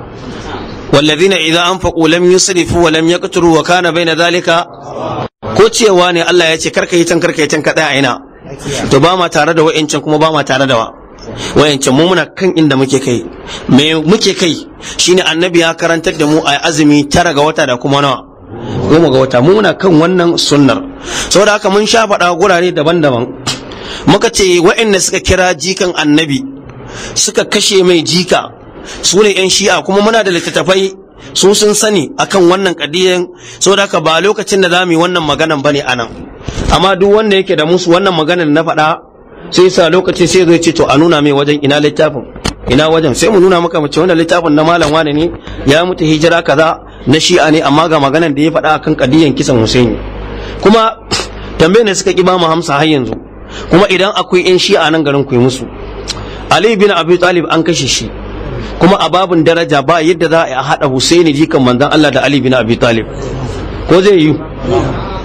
والذين إذا أنفقوا لم يسرفوا ولم يقتروا وكان بين ذلك ko cewa ne Allah ya ce karka yi can karkai can ka tsaya ina to ba ma tare da wa'incan kuma ba ma tare da wa wayancan mu muna kan inda muke kai me muke kai shine annabi ya karantar da mu a azumi tara ga wata da kuma nawa goma ga wata mu muna kan wannan sunnar saboda haka mun sha faɗa gurare daban-daban muka ce wa'anda suka kira jikan annabi suka kashe mai jika su ne 'yan shi'a kuma muna da littattafai su sun sani akan wannan kadiyan saboda haka ba lokacin da za mu yi wannan maganan a nan. amma duk wanda yake da musu wannan magana na faɗa sai sa lokaci sai zai ce to a nuna mai wajen ina littafin ina wajen sai mu nuna maka mace wannan littafin na malam wane ne ya mutu hijira kaza na shi'a ne amma ga maganar da ya faɗa akan kadiyan kisan Husaini kuma tambayar ne suka ki ba mu hamsa har yanzu kuma idan akwai yan shi'a nan garin ku yi musu Ali bin Abi Talib an kashe shi kuma a babin daraja ba yadda za a haɗa Husaini jikan manzon Allah da Ali bin Abi Talib ko zai yi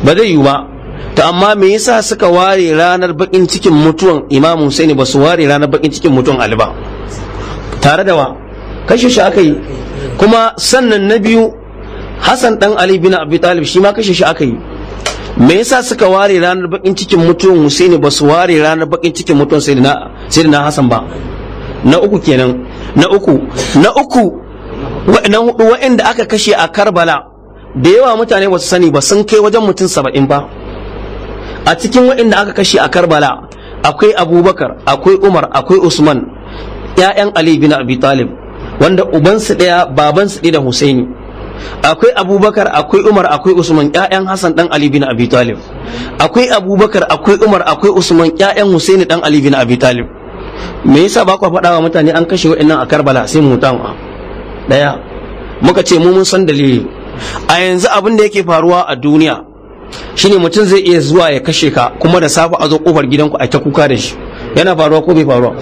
ba zai yi ba to amma me yasa suka ware ranar bakin cikin mutuwan imam Hussein ba su ware ranar bakin cikin mutuwan Ali ba tare da wa kashe shi aka yi kuma sannan na biyu Hassan dan Ali bin Abi Talib shi ma kashe shi aka yi me yasa suka ware ranar bakin cikin mutuwan Hussein ba su ware ranar bakin cikin mutuwan Sayyidina Sayyidina Hassan ba na uku kenan na uku na uku wa'annan hudu wa'anda aka kashe a Karbala da yawa mutane ba su sani ba sun kai wajen mutum saba'in ba a cikin waɗanda aka kashe a Karbala akwai Abubakar akwai Umar akwai Usman ‘ya'yan Ali bin Abi Talib wanda ubansu ɗaya babansu ɗaya da Husaini akwai Abubakar akwai Umar akwai Usman ‘ya'yan Hassan ɗan Ali bin Abi Talib akwai Abubakar akwai Umar akwai Usman ‘ya'yan Husaini ɗan Ali bin Abi Talib me yasa ba ku faɗa wa mutane an kashe waɗannan a Karbala sai mu mutawa ɗaya muka ce mu mun san dalili a yanzu abin da yake faruwa a duniya shine mutum zai iya zuwa ya kashe ka kuma da safe a zo kofar gidanku a ta kuka da shi yana faruwa ko bai faruwa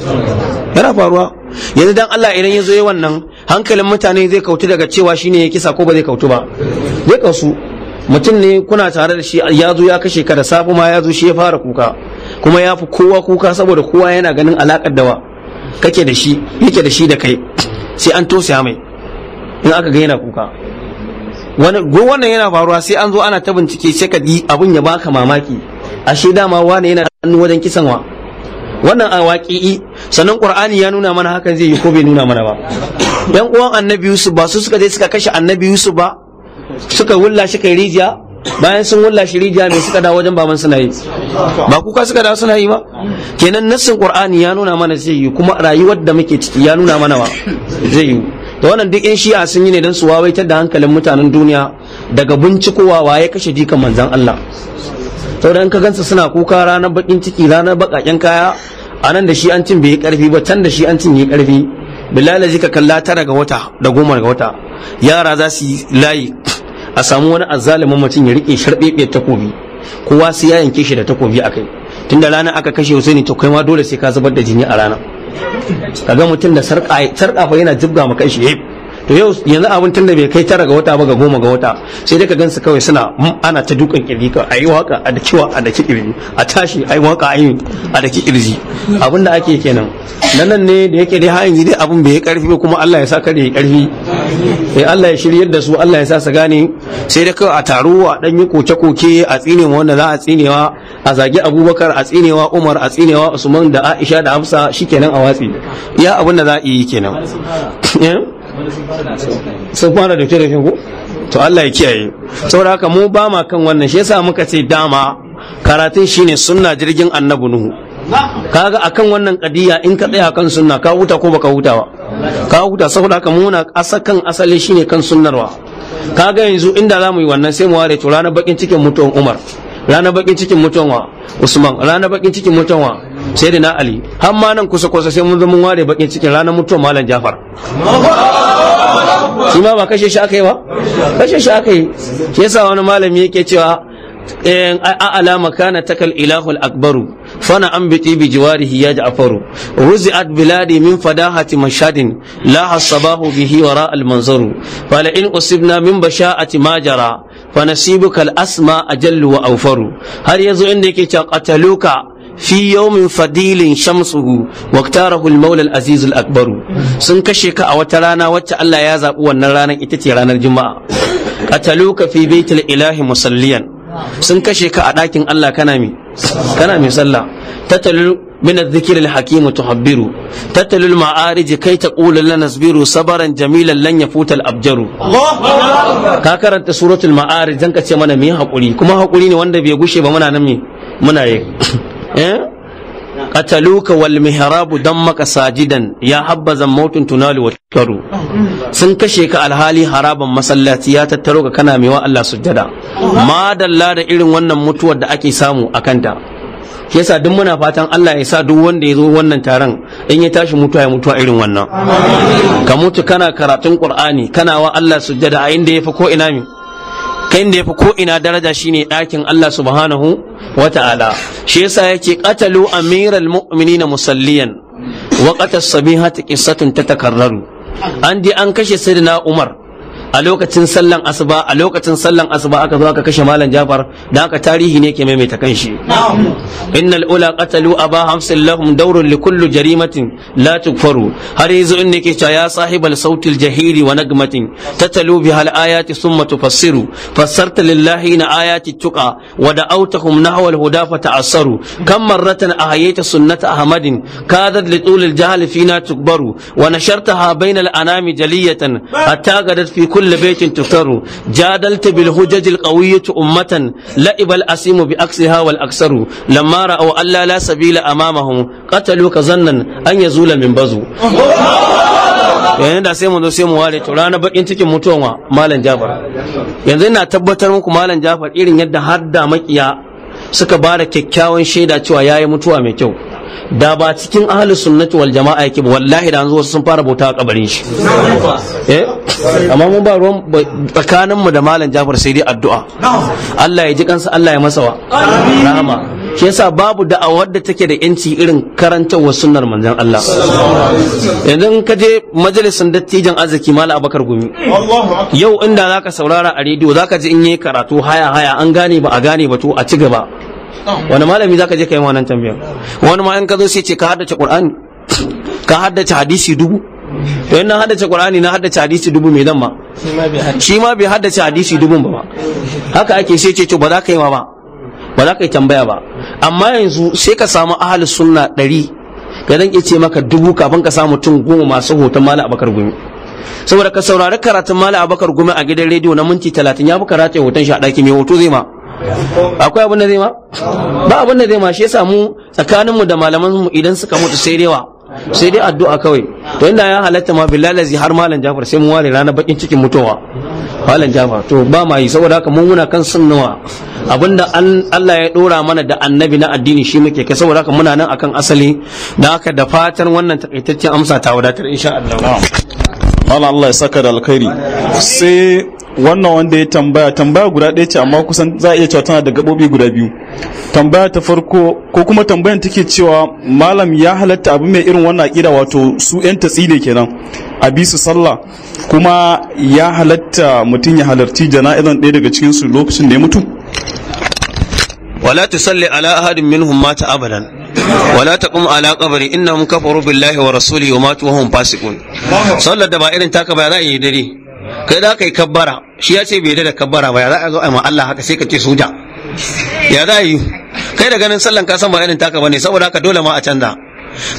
yana faruwa yanzu dan Allah idan ya zo yi wannan hankalin mutane zai kautu daga cewa shine ya kisa ko ba zai kautu ba zai kasu mutum ne kuna tare da shi ya zo ya kashe ka da safe ma ya zo shi ya fara kuka kuma ya fi kowa kuka saboda kowa yana ganin alakar dawa kake da shi yake da shi da kai sai an tosaya mai in aka ga yana kuka wani wannan yana faruwa sai an zo ana ta bincike sai ka di abun ya baka mamaki ashe dama wani yana hannu wajen kisan wannan a waƙi'i sannan qur'ani ya nuna mana hakan zai yi ko bai nuna mana ba yan uwan annabi yusuf ba su suka je suka kashe annabi yusuf ba suka wulla shi kai rijiya bayan sun wulla shi rijiya mai suka dawo wajen baban suna yi ba kuka suka dawo suna yi ba kenan nassin qur'ani ya nuna mana zai yi kuma rayuwar da muke ciki ya nuna mana ba zai yi da wannan duk yan shi'a sun yi ne don su wawaitar da hankalin mutanen duniya daga bincikowa waye kashe jikan manzan Allah saboda ka gansa suna kuka ranar bakin ciki ranar bakaken kaya a nan da shi an cin bai karfi ba can da shi an cin yi karfi bilal zika kalla tara ga wata da goma ga wata yara za su yi layi a samu wani azzalumin mutum ya rike sharbebe takobi kowa sai ya yanke shi da takobi a akai tunda rana aka kashe Husaini to kai ma dole sai ka zubar da jini a rana ka ga mutum da sarƙa fa yana jibga maka shi eh. to yau yanzu abin tun da bai kai tara ga wata ba ga goma ga wata sai dai ka gansu kawai suna mm, ana ta dukan kirji ka ayi waka a da kiwa a ki kirji a tashi ayi waka ayi a da kirji abin da ake kenan nan ne da yake dai har yanzu dai abin bai karfi ba kuma Allah ya sa kare karfi eh Allah ya shiryar da su Allah ya sa su gane sai da kawai a taro a dan yi koke koke a tsine wanda za a tsinewa a zagi Abubakar a tsinewa Umar a tsinewa Usman da Aisha da Hafsa shikenan a watsi ya abin da za a yi kenan eh? sun fara da ko to Allah ya kiyaye saboda haka mu ba ma kan wannan shi yasa muka ce dama karatun shine sunna jirgin annabi nuhu kaga akan wannan kadiya in ka tsaya kan sunna ka huta ko baka huta ba ka huta saboda haka muna asa kan asali shine kan sunnarwa kaga yanzu inda za mu yi wannan sai mu ware to ranar bakin cikin mutuwan umar ranar bakin cikin mutuwan wa usman ranar bakin cikin mutuwan wa sai na ali har ma nan kusa kusa sai mun zo mun ware bakin cikin ranar mutuwan malam jafar shi ma ba kashe shi aka yi ba kashe shi aka yi shi yasa wani malami yake cewa eh, a alama kana takal ilahul akbaru fana an biƙi bi jiwarihi ya ja'faru ruzi'at biladi min fadahati mashadin la hasabahu bihi wara al manzaru fala in usibna min basha'ati majara fa nasibuka al asma ajallu wa awfaru har yazo inda yake cewa qataluka fi yawmin fadilin shamsuhu waqtarahu al-maula al akbar sun kashe ka a wata rana wacce Allah ya zaɓi wannan ranar ita ce ranar juma'a qataluka fi baitil ilahi musalliyan sun kashe ka a ɗakin Allah kana mi kana mi sallah tatalul min adh-dhikr al-hakim tuhabbiru tatalul ma'arij kai taqulu lana nasbiru sabaran jamilan lan yafuta al-abjaru ka karanta suratul ma'arij dan ka ce mana mu yi hakuri kuma hakuri ne wanda bai gushe ba muna nan mi muna yi eh kataluka wal mihrabu maka sajidan ya habbazan mautun tunali wa karu sun kashe ka alhali haraban masallaci ya tattaro ka kana mewa Allah sujjada ma dalla da irin wannan mutuwar da ake samu a kanta yasa duk muna fatan Allah ya sa duk wanda ya zo wannan taron in ya tashi mutuwa ya mutuwa irin wannan ka mutu kana karatun Qur'ani kana wa Allah sujjada a inda yafi ko ina mi kai da ya ko ina daraja shine ɗakin Allah subhanahu ta'ala shi yasa yake qatalu amiral na musalliyan wa qatas sabihati ta takardar. an ji an kashe sayyidina Umar a lokacin sallan asuba a lokacin sallan asuba aka zo aka kashe malam jafar da aka tarihi ne ke maimaita kanshi innal ula qatalu aba hamsin lahum dawrun li kullu jarimatin la tukfaru har yanzu in nake cewa ya sahibal sautil jahili wa nagmatin tatalu bi hal ayati summa tufassiru fassarta lillahi na ayati tuqa wa da'awtahum nahwa al huda fa ta'assaru kam marratan ahayta sunnata ahmadin kadat li tul al jahl fina tukbaru wa nashartaha bayna anami jaliyatan hatta gadat fi kulli kulli baitin tuftaru bil hujaj al ummatan la'ibal asimu bi aksiha aksaru lamma ra'aw alla la sabila yanzu da sai mu zo sai mu ware to ranar bakin cikin mutuwan malam jafar yanzu ina tabbatar muku malam jafar irin yadda har da makiya suka ba da kyakkyawan shaida cewa yayi mutuwa mai kyau da ba cikin ahlus sunnati wal jama'a yake wallahi da wasu sun fara bauta a kabarin shi eh amma mun ba ruwan tsakanin mu da malam Jafar sai dai addu'a Allah ya ji kansa Allah ya masa wa rahama shi yasa babu da da take da yanci irin karantarwa sunnar manzon Allah yanzu in ka je majalisin dattijan arziki malam Abakar Gumi yau inda zaka saurara a rediyo zaka ji in yi karatu haya haya an gane ba a gane ba to a ci gaba wani malami zaka je kai ma wannan tambayar wani ma in ka zo sai ce ka haddace qur'ani ka haddace hadisi dubu to in na haddace qur'ani na haddace hadisi dubu me dan ma shi ma bai haddace hadisi dubu ba haka ake sai ce to ba za ka yi ma ba ba za ka yi tambaya ba amma yanzu sai ka samu ahalus sunna ɗari ka dan ce maka dubu kafin ka samu tun goma masu hoton malam abakar gumi saboda ka saurari karatun malam abakar gumi a gidan rediyo na minti talatin ya fi karatun hoton shi a ɗaki mai hoto zai ma akwai abin da zai ma ba abin da zai ma shi ya samu tsakaninmu da malaman mu idan suka mutu sai wa? sai dai addu'a kawai to inda ya halatta ma billahi har malam Jafar sai mun ware ranar bakin cikin mutuwa malam Jafar to ba ma yi saboda haka mun muna kan sunnawa abinda Allah ya dora mana da annabi na addini shi muke kai saboda haka muna nan akan asali da haka da fatan wannan takaitaccen amsa ta wadatar insha Allah Allah ya saka da alkhairi sai wannan wanda ya tambaya tambaya guda ɗaya ce amma kusan za a iya cewa tana da gaɓoɓi guda biyu tambaya ta farko ko kuma tambayan take cewa malam ya halatta abu mai irin wannan aƙida wato su 'yan tatsi ne kenan a bi su sallah kuma ya halatta mutum ya halarci jana'izan ɗaya daga cikin su lokacin da ya mutu wala tusalli ala ahadin minhum mata abadan wala ala ولا kafaru billahi wa انهم wa matu wa hum fasiqun sallar da ba irin taka ba za a yi dare kai da aka yi kabbara shi ya ce bai da kabbara ba ya za a zo a Allah haka sai ka ce soja ya za yi kai da ganin sallan ka san ba irin taka bane saboda haka dole ma a canza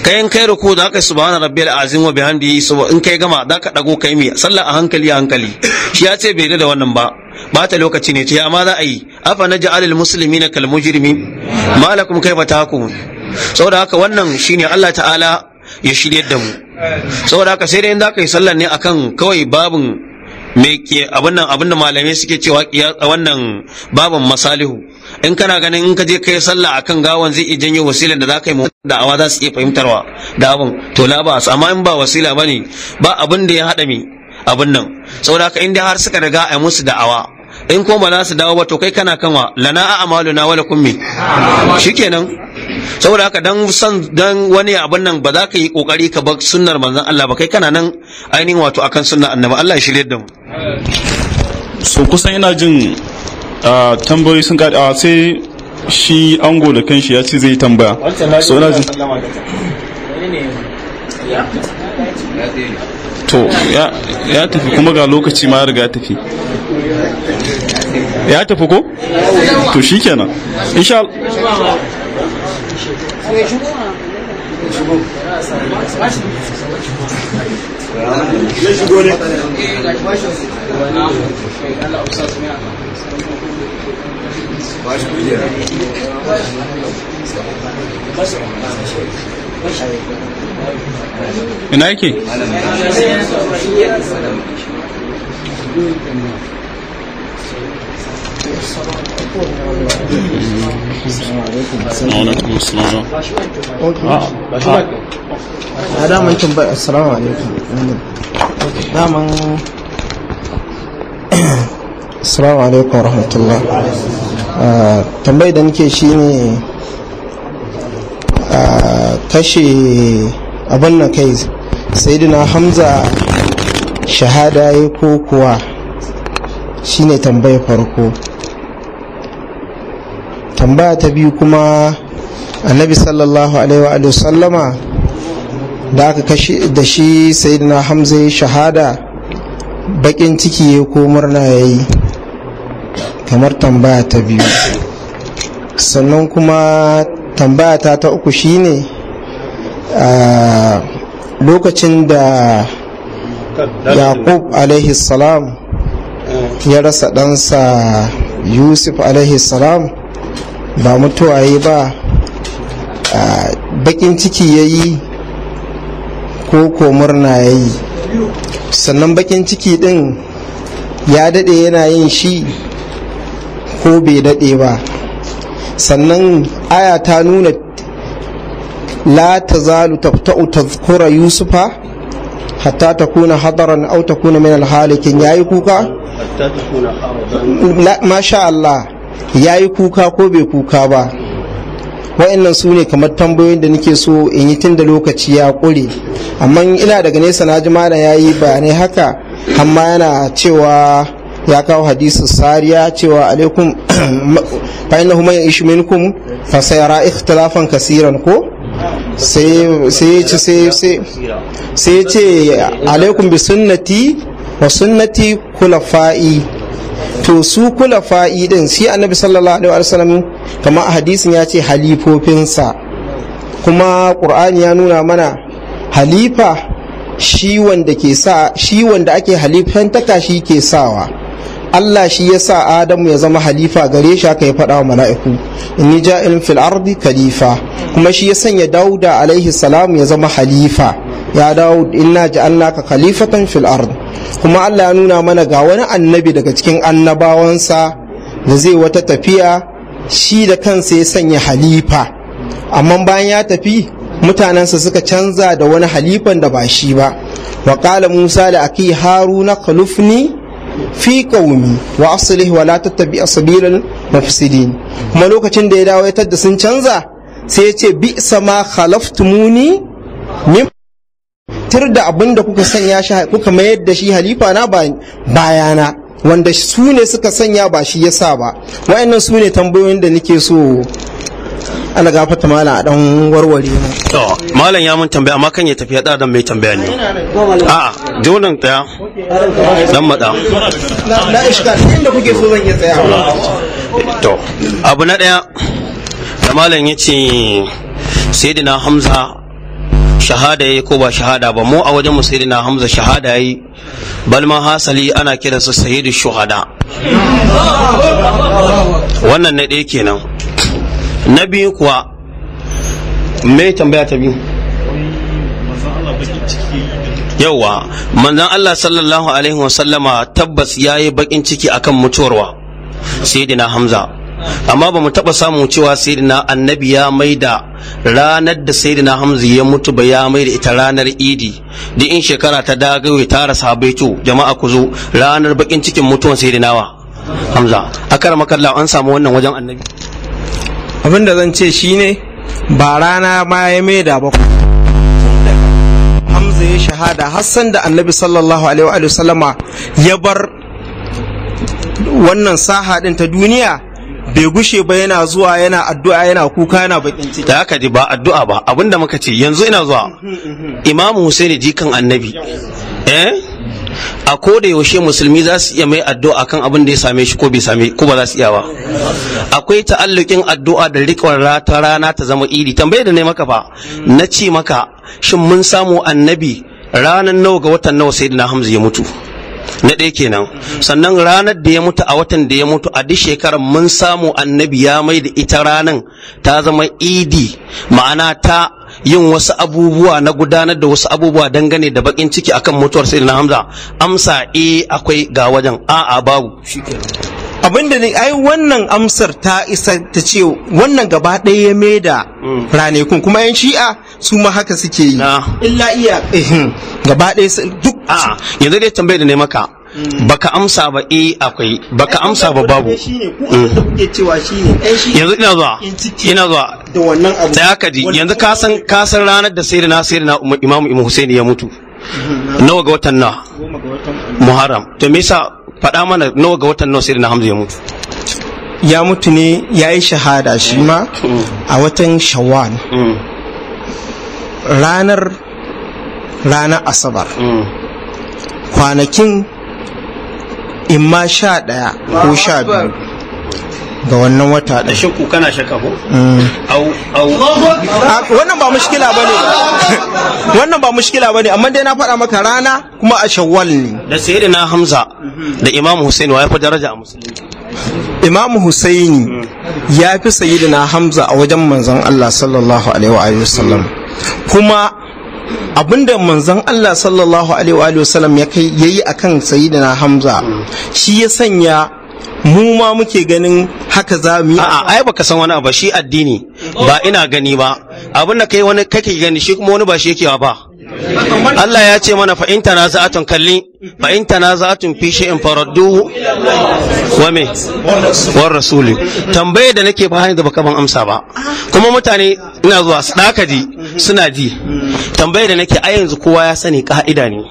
kai in kai ruku da kai subhana rabbiyal azim wa bihamdihi in kai gama da ka dago kai mi sallah a hankali a hankali shi ya ce bai da wannan ba ba ta lokaci ne ce amma za a yi afa ja'alil muslimina kal mujrimi malakum kaifa tahkumun saboda haka wannan shine Allah ta'ala ya shiryar da mu saboda haka sai dai in za ka yi sallar ne akan kawai babin me ke abin nan abin da malamai suke cewa a wannan baban masalihu in kana ganin in ka je kai sallah akan gawan zai iya janyo wasilan da zaka yi da awa za su iya fahimtarwa da abin to la ba amma in ba wasila bane ba abin da ya hada mi abin nan saboda ka inda har suka riga a musu da awa in kuma ba za su dawo ba to kai kana kanwa lana a amaluna wala kummi shikenan saboda haka dan san dan wani abin nan ba za ka yi kokari ka bar sunnar manzon Allah ba kai kana nan ainihin wato akan sunnar annabi Allah ya shirye da mu so kusan ina jin tambayoyi sun kada sai shi ango da kanshi ya ce zai tambaya so ina jin to ya tafi kuma ga lokaci ma riga tafi ya tafi ko to kenan insha Thank ina yake alaikum salam a daman tambayar assalamu alaikum assalamu alaikum ah, rahmatullah ah, tambayar da nake shine kashe abin na kai dina hamza shahada ya ko kuwa shine tambaya farko tambaya ta biyu kuma annabi sallallahu alaihi wa sallama da aka kashe da shi saidina hamza ya shahada bakin ciki ya ko murna ya yi kamar tambaya ta biyu sannan kuma tambaya ta ta uku shine a lokacin da yaqub alaihi salam ya rasa ɗansa yusuf alaihi salam ba mutuwa yi ba bakin ciki ya yi ko ko murna ya yi sannan bakin ciki ɗin ya daɗe yana yin shi ko bai daɗe ba sannan aya ta nuna la tazalu tabta'u tazkura yusufa hatta ta kuna hadaran aw kuna min alhalikin yayi kuka masha Allah yi kuka ko bai kuka ba wa'annan su ne kamar tambayoyin da nake so in yi tun da lokaci ya ƙure amma ina daga nesa na jima da ya yi bayanai haka amma yana cewa ya kawo hadisin sariya cewa alaikum fa innahu man yashu minkum fa sayara ikhtilafan kaseeran ko sai sai sai sai ce alaikum bi sunnati wa sunnati khulafa'i to su khulafa'i din shi annabi sallallahu alaihi wasallam a hadisin ya ce halifofinsa kuma qur'ani ya nuna mana halifa shi wanda ke sa shi wanda ake halifantaka shi ke sawa Allah shi ya sa Adamu ya zama halifa gare shi aka ya faɗa wa mala'iku inni ja'ilun fil ardi khalifa kuma shi ya sanya Dauda alaihi salam ya zama halifa ya dawo inna ja'alnaka khalifatan fil ard kuma Allah ya nuna mana ga wani annabi daga cikin annabawansa da zai wata tafiya shi da kansa ya sanya halifa amma bayan ya tafi mutanensa suka canza da wani halifan da ba shi ba wa Musa da aki haruna khalufni fi kawumi wa aslih wa la tattabi sabilal mafsidin kuma lokacin da ya dawo ya tadda sun canza sai ya ce bi sama khalaftumuni min tir da abin da kuka sanya shi kuka mayar da shi halifa na bayana wanda su ne suka sanya ba shi ya sa ba wayannan su ne tambayoyin da nake so ala gafarta malam a dan warware mu to malam ya mun tambaya amma kan ya tafi da dan mai tambaya ne a a jonan tsaya dan mada na iska inda kuke so zan iya tsaya to abu na daya da malam ya ce sayyidina hamza shahada yayi ko ba shahada ba mu a wajen mu sayyidina hamza shahada yayi bal ma hasali ana kiransa sayyidu shuhada wannan na ɗaya kenan na biyu kuwa me tambaya ta biyu yauwa manzan Allah sallallahu alaihi wasallama tabbas ya yi bakin ciki akan mutuwarwa sayyidina hamza amma ba mu taɓa samun cewa sayyidina annabi ya maida ranar da sayyidina hamza ya mutu ba ya maida ita ranar idi da in shekara ta dagawe tara sahabaitu jama'a ku zo ranar bakin cikin mutuwan sayyidina wa hamza akar makalla an samu wannan wajen annabi abinda zan ce shine ba rana ma ya maida ba hamza ya shahada hassan da annabi sallallahu alaihi wa sallama ya bar wannan saha din ta duniya bai gushe ba yana zuwa yana addu'a yana kuka yana bakin ciki da haka ba addu'a ba abinda muka ce yanzu ina zuwa mhm, mhm, mhm. imamu husaini jikan annabi eh a ko da yaushe musulmi za su iya mai addu'a kan abin da ya same shi ko bai same ko ba za su iya ba akwai ta'allukin addu'a da riƙon rata rana ta zama iri tambaye da ne maka ba na ce maka shin mun samu annabi ranar nawa ga watan nawa na hamza ya mutu na ɗaya kenan sannan ranar da ya mutu a watan da ya mutu a duk shekarar mun samu annabi ya mai da ita ranar ta zama idi ma'ana ta yin wasu abubuwa na gudanar da wasu abubuwa dangane da bakin ciki akan mutuwar sai na hamza amsa e akwai ga wajen a'a babu abinda ne ai wannan amsar ta isa ta ce wannan gaba ɗaya ya maida mm. ranakun kuma yan shi'a su ma haka suke yi illa iya gaba ɗaya duk a yanzu dai tambayar da ne maka mm. baka amsa ba eh akwai baka amsa ba babu mm. yanzu ina zuwa ina zuwa da wannan abu da aka ji yanzu ka san ka san ranar da sayyidina sayyidina imamu imamu husaini ya mutu mm-hmm. nawa ga watan na muharram to me yasa faɗa mana nawa ga watan nawa sai na hamza ya mutu ya mutu ne ya yi shahada shi ma a watan Shawan. Mm. ranar ranar asabar mm. kwanakin imma sha ɗaya ko sha biyu ga wannan wata da shakku kana shakka ko mm. au au ah, wannan ba mushkila bane wannan ba mushkila bane amma dai na faɗa maka rana kuma a shawwal ne da sayyidina hamza da imam husain wa ya fi daraja a musulmi imam husaini mm. ya fi sayyidina hamza a wajen manzon Allah sallallahu alaihi wa sallam kuma abinda manzon Allah sallallahu alaihi wa sallam ya kai yayi akan sayyidina hamza mm. shi ya sanya mu ma muke ganin haka za mu yi a'a ai baka san wani abu shi addini ba ina gani ba abin da kai wani kake gani shi kuma wani ba shi yake ba Allah ya ce mana fa in tanaza'atun kalli fa in tanaza'atun fi shay'in faradduhu wa me war rasul tambaye da nake ba da baka ban amsa ba kuma mutane ina zuwa su daka ji suna ji tambaye da nake a yanzu kowa ya sani ka'ida ne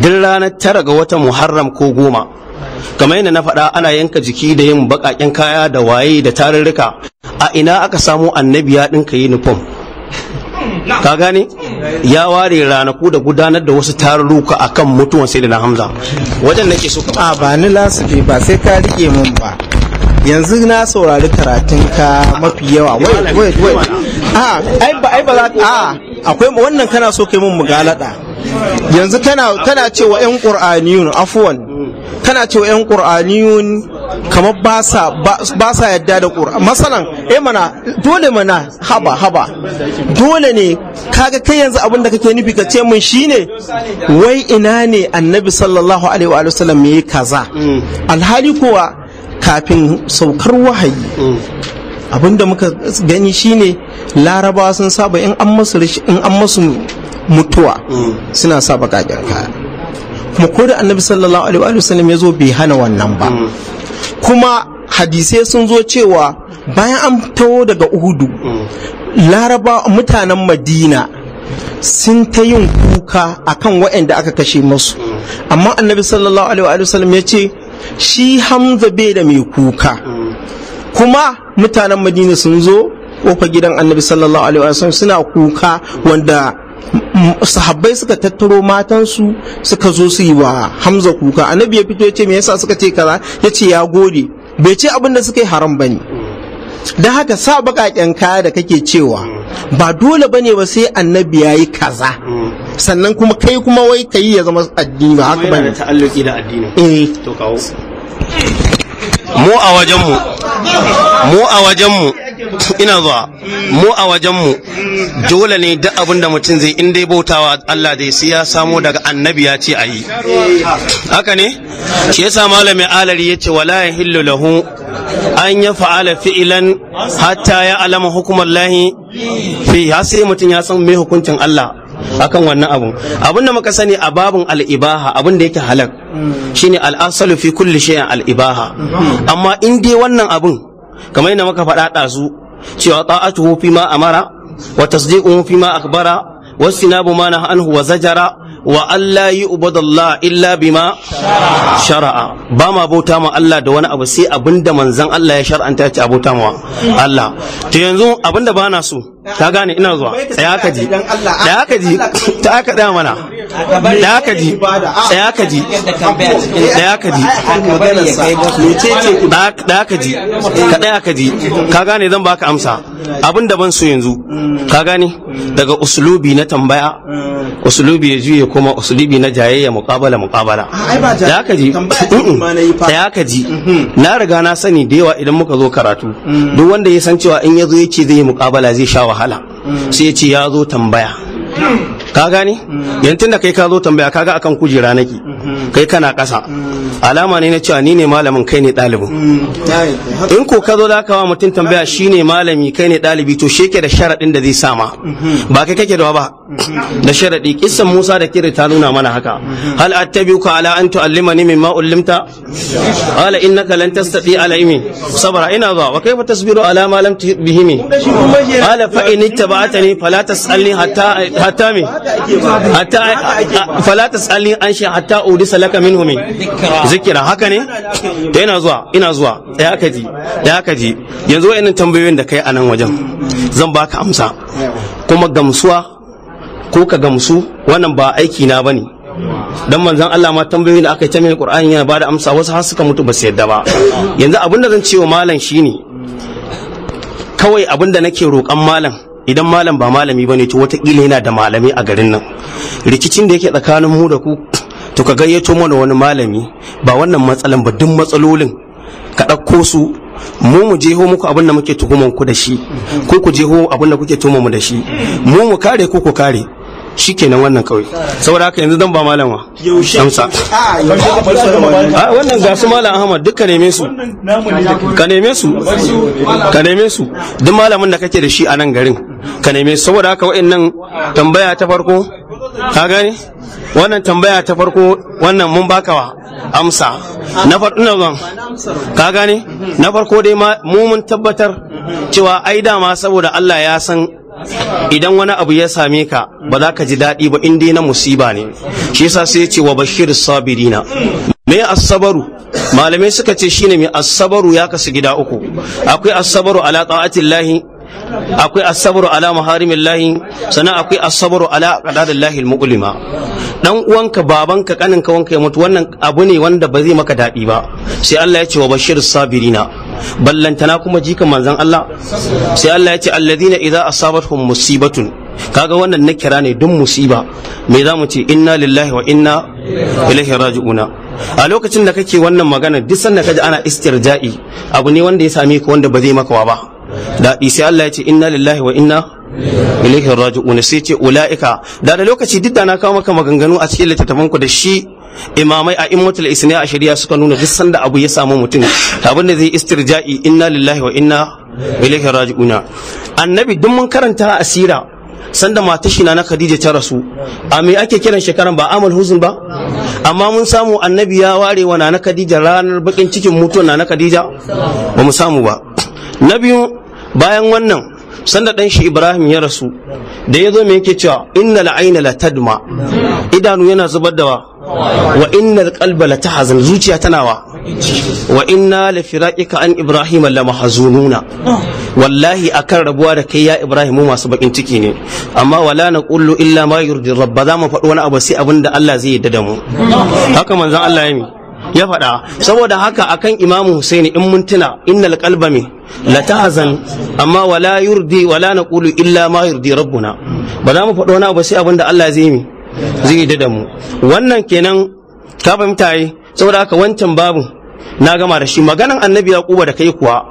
duk ranar tara ga watan muharram ko goma kamar yadda na faɗa ana yanka jiki da yin baƙaƙen kaya da waye da tarurruka a ina aka samo annabi ya ɗinka uniform ka gane ya ware ranaku da gudanar da wasu tarurruka akan mutuwan sai na hamza wajen nake so ka a ba ni lasifi ba sai ka rike mun ba yanzu na saurari karatun ka mafi yawa wai wai wai a ai ba za a akwai wannan kana so kai mun mugalada yanzu tana kana cewa yan qur'aniyun afwan tana cewa yan qur'aniyun kamar ba sa ba sa yadda da qur'ani masalan eh mana dole mana haba haba dole ne kaga kai yanzu abinda da kake nufi ka ce mun shine wai ina ne annabi sallallahu alaihi wa sallam yayi kaza alhali kuwa kafin saukar wahayi abinda muka gani shine larabawa sun saba in an masu mutuwa mm. suna sa baƙaƙen kaya kuma ko da annabi sallallahu alaihi wa sallam ya zo bai hana wannan ba mm. kuma hadisai sun zo cewa bayan an fito daga uhudu mm. laraba mutanen madina sun ta yin kuka akan waɗanda aka kashe masu amma annabi sallallahu alaihi wa sallam ya ce shi hamza bai da mai kuka kuma mutanen madina sun zo kofa gidan annabi sallallahu alaihi sallam suna kuka wanda sahabbai suka tattaro matansu suka zo su yi wa hamza kuka annabi ya fito ya ce me yasa suka ce kaza ya ce ya gode bai ce abin da suka yi haram bane don haka sa baƙaƙen kaya da kake cewa ba dole bane ba sai annabi ya yi kaza sannan kuma kai kuma wai ka ya zama addini ba haka bane ta'alluki da addini eh to kawo mu a wajenmu mu a wajenmu ina zuwa mu a wajenmu dole ne duk abin da mutum zai in dai bautawa Allah zai sai ya samo daga annabi ya ce ayi haka ne shi yasa malamin alari ya ce wala yahillu lahu an ya fa'ala fi'ilan hatta ya alama hukumar lahi fi sai mutum ya san me hukuncin Allah akan wannan abun. Abun da muka sani a babun al'ibaha abin da yake halak shine al'asalu fi kulli shay'in al'ibaha amma in dai wannan abin kamar yadda muka faɗa ɗazu cewa ta'atuhu fi ma amara wa tasdiquhu fi ma akbara واجتناب ما نهى zajara وزجر والا يعبد الله bima. بما شرع بما بوتا ما Allah da wani abu sai abinda manzon Allah ya shar'anta ya ce abota ma Allah to yanzu abinda bana so ta gane ina zuwa tsaya ka ji da aka ji ta aka da mana da aka ji Da ka ji da aka ji da aka ji ka daya ka ji ka gane zan baka amsa abin da ban so yanzu ka gane daga uslubi na tambaya uslubi ya juye kuma uslubi na jayayya muqabala muqabala da aka ji Da ka ji na riga na sani da yawa idan muka zo karatu duk wanda ya san cewa in ya zo ya ce zai yi muqabala zai sha wahala sai ya ce ya zo tambaya ka gane mm. yanzu da kai ka zo tambaya kaga akan kujera nake mm-hmm. kai kana ƙasa mm. alama ne na cewa ni ne malamin kai ne ɗalibin mm. in ko ka zo za ka wa mutum tambaya shi ne malami kai ne ɗalibi to shi da sharaɗin da zai sama mm-hmm. ba kai kake da ba mm-hmm. da sharaɗi kissan musa da kiri ta nuna mana haka hal attabiuka ala an tu'allimani mimma ullimta qala innaka lan tastati ala ilmi sabra ina zuwa wa kaifa tasbiru ala ma lam tuhit bihi qala fa in ittaba'tani fala tasalni hatta hatta hatta fala tasalni an shi hatta udisa laka minhu min zikira haka ne da yana zuwa ina zuwa da haka ji da haka ji yanzu wayannan tambayoyin da kai a nan wajen zan baka amsa kuma gamsuwa ko ka gamsu wannan ba aiki na bane dan manzon Allah ma tambayoyin da aka yi ta mai Qur'ani yana bada amsa wasu har suka mutu ba su yadda ba yanzu abinda zan ce wa malam shine kawai abinda nake roƙan malam idan malam ba malami bane to watakila yana da malami a garin nan rikicin da yake tsakanin mu da ku to ka gayyato mana wani malami ba wannan matsalan ba duk matsalolin ka ɗauko su mu mu jeho muku abin da muke tuhuman ku da shi ko ku jeho abin da kuke tuhuman mu da shi mu mu kare ko ku kare shikenan wannan kawai saboda haka yanzu zan ba malama amsa ah, a ah, wannan ga su malam ahmad duk ka neme su ka neme su ka neme su duk malamin da kake da shi a nan garin ka neme su saboda haka wa'annan tambaya ta farko ka gani wannan tambaya ta farko wannan mun baka wa amsa na farko zan ka gani na farko dai mu mun tabbatar cewa ai dama saboda Allah ya san idan wani abu ya same ka ba za ka ji daɗi ba in dai na musiba ne shi yasa sai ce wa bashir sabirina me asabaru malamai suka ce shine mai asabaru ya kasu gida uku akwai asabaru ala lahi? akwai asabaru ala lahi? sannan akwai asabaru ala lahi mukulima dan uwanka babanka kaninka wanka ya mutu wannan abu ne wanda ba zai maka daɗi ba sai Allah ya ce wa bashir sabirina ballantana kuma jikan manzan Allah sai Allah ya ce alladhina idza asabatuhum musibatun kaga wannan na kira ne dun musiba me za mu ce inna lillahi wa inna ilaihi raji'una a lokacin da kake wannan magana duk sanda kaji ana istirja'i abu ne wanda ya same ka wanda ba zai maka wa ba da sai Allah ya ce inna lillahi wa inna ilaihi raji'una sai ce ula'ika da da lokaci duk da na kawo maka maganganu a cikin littattafan ku da shi imamai a immatul isniya a shari'a suka nuna duk sanda abu ya samu mutum abin da zai istirja'i inna lillahi wa inna ilaihi raji'una annabi duk mun karanta asira sanda matashi shi na Khadija ta rasu a me ake kiran shekaran ba amal huzun ba amma mun samu annabi ya ware wa na Khadija ranar bakin cikin mutuwar na Khadija ba mu samu ba na biyu bayan wannan sanda dan shi Ibrahim ya rasu da ya zo me yake cewa innal ayna la tadma idanu yana zubar da wa wa innal qalba la tahzan zuciya tana wa wa inna la firaqika an ibrahim la mahzununa wallahi akan rabuwa da kai ya ibrahim mu masu bakin ciki ne amma wala naqulu illa ma yurdi rabba za mu faɗi wani abu sai abinda Allah zai yarda da mu haka manzon Allah ya yi ya faɗa saboda haka akan imamu husaini in mun tuna innal qalba min la tahzan amma wala yurdi wala naqulu illa ma yurdi rabbuna ba za mu faɗo wani ba sai abin da Allah zai yi zai yi da mu wannan kenan ka fahimta yi saboda haka wancan babu na gama da shi maganan annabi yaquba da kai kuwa